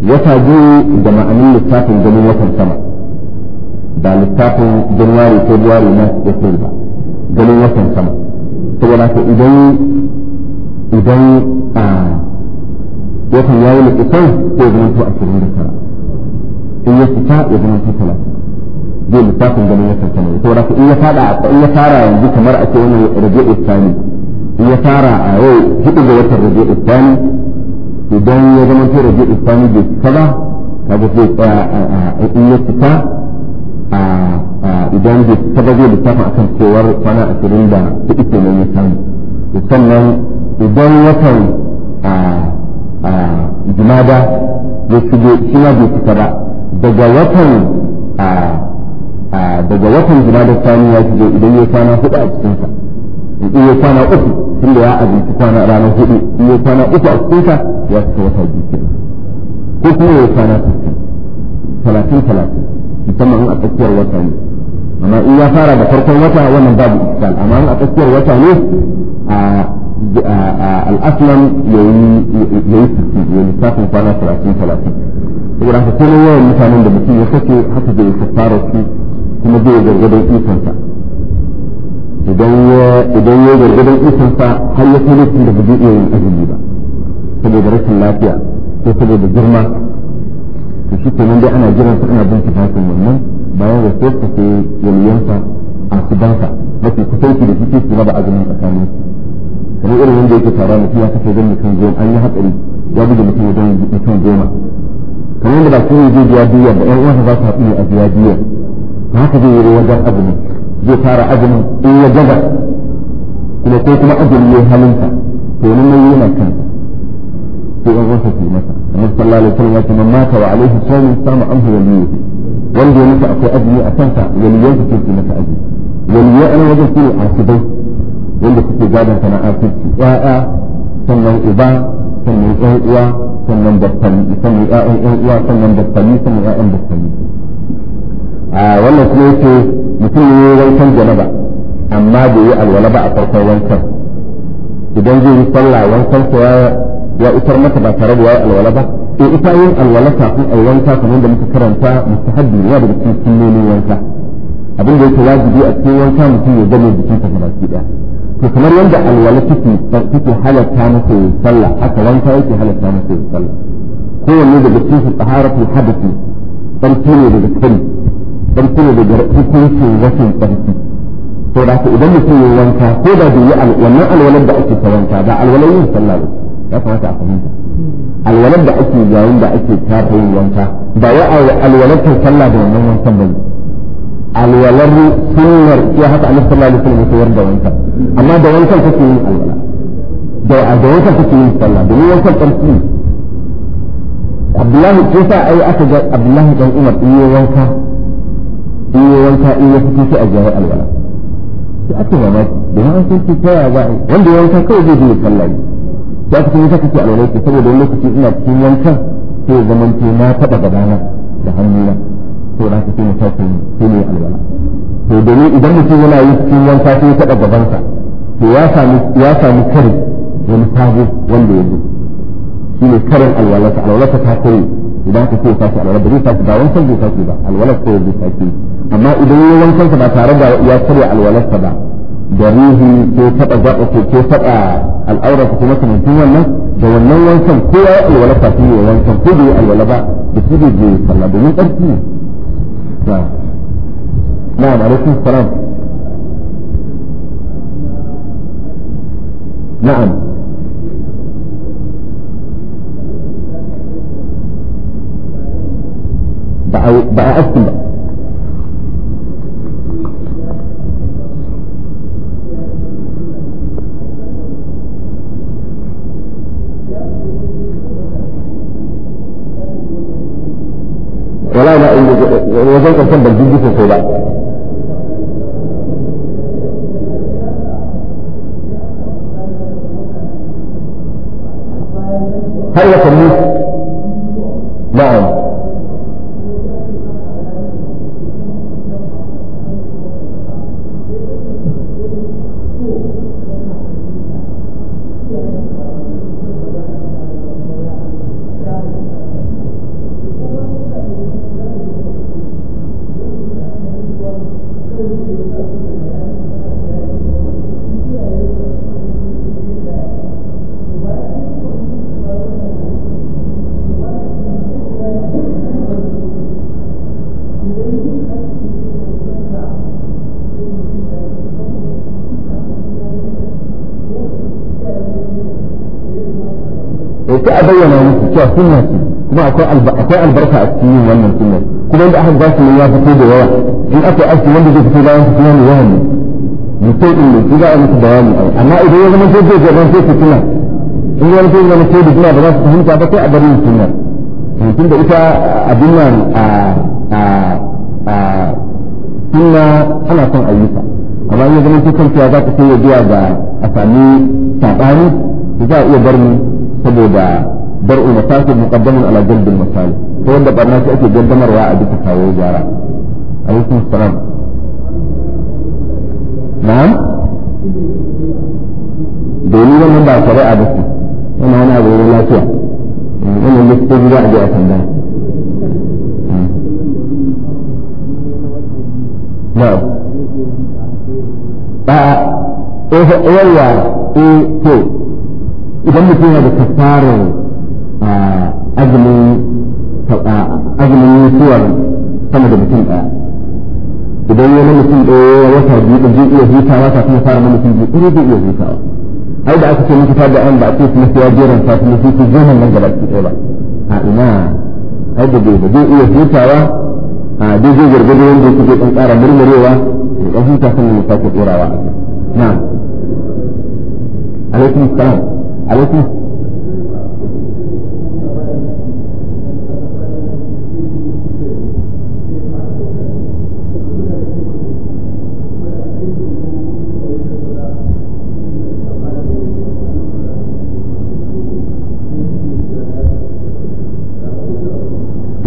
ya taji da ma'anin littafin ganin watan sama ba littafin januwari february na april ba ganin watan sama saboda ka idan idan a watan ya yi likitan sai zama to ashirin da tara in ya fita ya zama to talatin zai littafin ganin ya karkana ya saboda ka in ya fada in ya fara yanzu kamar a ce wani rabi'u tsani in ya fara a yau hudu ga watan rabi'u tsani idan ya zama to rabi'u tsani bai fita ba kaga zai tsaya in ya fita a idan bai taba zai littafin akan cewar kwana ashirin da kuɗi ke nan ya samu sannan idan watan jumada ya shigo shi ma bai fita ba daga watan daga watan jumada sani ya shigo idan ya kwana hudu a cikinsa in ya kwana uku da ya abinci kwana ranar hudu in ya kwana uku a cikin sa ya fita wata biyu kenan ko kuma ya kwana talatin talatin musamman a tsakiyar wata ne amma in ya fara da farkon wata wannan babu istifal amma in a tsakiyar wata ne a al'aslan ya yi sirki ya yi lissafin kwana talatin talatin saboda haka kuma yawan mutanen da mutum ya kace haka zai kafara su kuma zai gargadon ikonsa idan ya idan ya gargadon ikonsa har ya kai lokacin da ba zai iya yin azumi ba saboda rashin lafiya ko saboda girma to shi kenan dai ana jiran sa ana bin kitabun wannan bayan rasuwarsa sai waliyansa a kudansa mafi kusanci da suke su raba azumin tsakanin kamar irin wanda yake tara mutum ya kashe zan mutum goma an yi hatsari ya buga mutum wajen mutum goma kamar yadda ba su ne zai biya biyar da 'yan uwansa za su haɗu ne a biya biyar haka zai yi wajen azumin zai fara azumin in ya gaza kuma ko kuma azumi ya halinta to nan mai yana kan sai an wasa su yi masa annabi sallallahu alaihi wasallam ya ce man mata wa alaihi sawm samu amhu wa niyyati wanda ya mutu akwai azumi a kanta waliyan su ke masa azumi waliyan ana wajen su ne asibai wanda suke gadon sana asirci ƴaƴa sannan uba sannan yan uwa sannan dattali sannan ya'yan yan uwa sannan dattali sannan ya'yan dattali a wannan kuma yake mutum ne wankan janaba amma bai yi alwala ba a farkon wankan idan zai yi sallah wankan ya ya utar mata ba tare da ya yi alwala ba to ita yin alwala kafin a wanka kamar da muka karanta mustahabbi ne daga cikin sunnonin wanka abin da yake wajibi a cikin wanka mutum ya gane jikin sa baki daya to kamar yadda alwala take take halatta masa yin sallah haka wanka yake halatta masa yin sallah kowanne daga cikin taharatul hadathi sarki ne daga kai sarki ne daga hukuncin rashin sarki to da idan mutum ya wanka ko da bai yi wannan alwalar da ake ta wanka ba alwalar yin sallah ba ya kamata a fahimta alwalar da ake yayin da ake tafa yin wanka ba ya alwalar ta sallah da wannan wankan ba alwalar sunnar ya haka annabi sallallahu alaihi wasallam ya da wanka amma da wankan kake yin alwala da da wankan kake yin sallah domin wankan tsarki Abdullahi kisa ai aka ga Abdullahi dan Umar in yi wanka in yi wanka in ya fito shi a jawo alwala sai aka mamaki domin an san ta yaya za a wanda ya wanka kawai zai yi sallah ya fito yi kake a ke saboda wani lokaci ina cikin yankan sai ya zama ce na taɓa gabana da hannuna to na fito na tafi sai ne alwala to domin idan mutum yana yi cikin yanka sai ya taɓa gabansa to ya sami ya sami kare wani sabo wanda ya zo shi ne karin alwalata alwalata ta kare idan ka ce ya tashi alwala ba zai tashi ba wancan zai tashi ba alwalar ko zai tashi amma idan ya wancan ba tare da ya karya alwalarsa ba da ruhi ko taɓa gaɓa ko ko taɓa al'aura ko makamancin wannan da wannan wankan ko ya yi alwala kafin ya wankan ko da ya alwala ba da su da je sallah domin ƙarfi ne. Na'am alaikum salam. Na'am. Ba a askin ba. wala na wajen karshen ban jirgi sosai ba har watanni na'am cewa sunna ce kuma akwai albarka a cikin yin wannan sunna kuma inda aka gashi ya fito da yawa in aka aiki wanda zai fito bayan su kuma ne yawan ne mutum din ne su za a musu bayani amma idan ya zama zai zai zama sai su tuna in ya zama zai zama sai da tuna ba za su fahimta ba sai a bari sunna mutum da ita abin nan a sunna ana son ayyuka amma in ya zama sai kanta za ta sai ya biya ga a sami saɓani za a iya bar mu saboda dar'u mafasid muqaddamun ala jalb al masalih to wanda barna shi ake gaddamarwa a ce wannan wani abu ne a je a tambaya na'am ba a idan mutum da azumin mutuwar sama da mutum ɗaya idan ya na mutum ɗaya wata biyu da zai iya hutawa ta kuma fara mana mutum biyu zai iya hutawa ai da aka ce mutu ta da an ba a kuma ya jeran ta kuma sai ku zuwa nan gaba ki ɗaya ba a ina ai da bai zai iya hutawa a dai zai gargado wanda yake zai ɗan ƙara murmurewa ya ɗan huta sannan ya sake ɗorawa a kai alaikum salam alaikum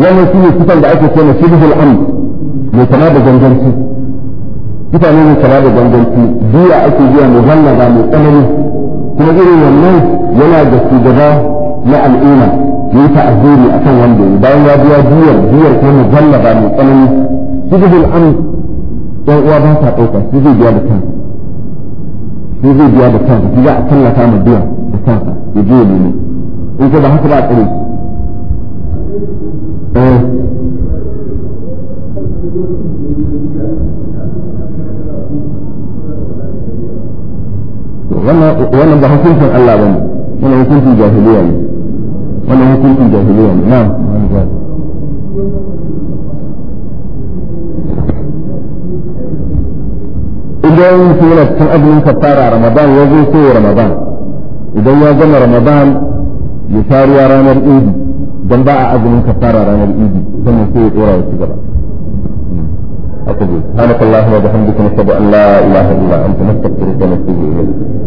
wannan shi ne sifan da ake kema shibhul amd mai kama da ganganci sifa ne mai kama da ganganci biya ake biya muhallaza mai tsanani kuma irin wannan yana da shugaba na al'umma ya yi ta'aziri a kan wanda ya bayan ya biya biyar biyar ko muhallaza mai tsanani shibhul amd ɗan uwa ba ta ɗauka shi zai biya da kansa shi zai biya da kansa shi za a tallata ma biya da kansa ya je ya nemi in ka ba haka ba a tsare wannan ba hukuncin Allah ba ne wannan hukuncin jahiliya ne wannan hukuncin jahiliya ne na idan mutum yana cikin azumin kafara ramadan ya zo sai ramadan idan ya gama ramadan ya tariya ranar idi don ba a azumin kafara ranar idi sannan sai ya tsora ya ci gaba أقول سبحانك اللهم وبحمدك نشهد أن لا إله إلا أنت نستغفرك ونتوب إليك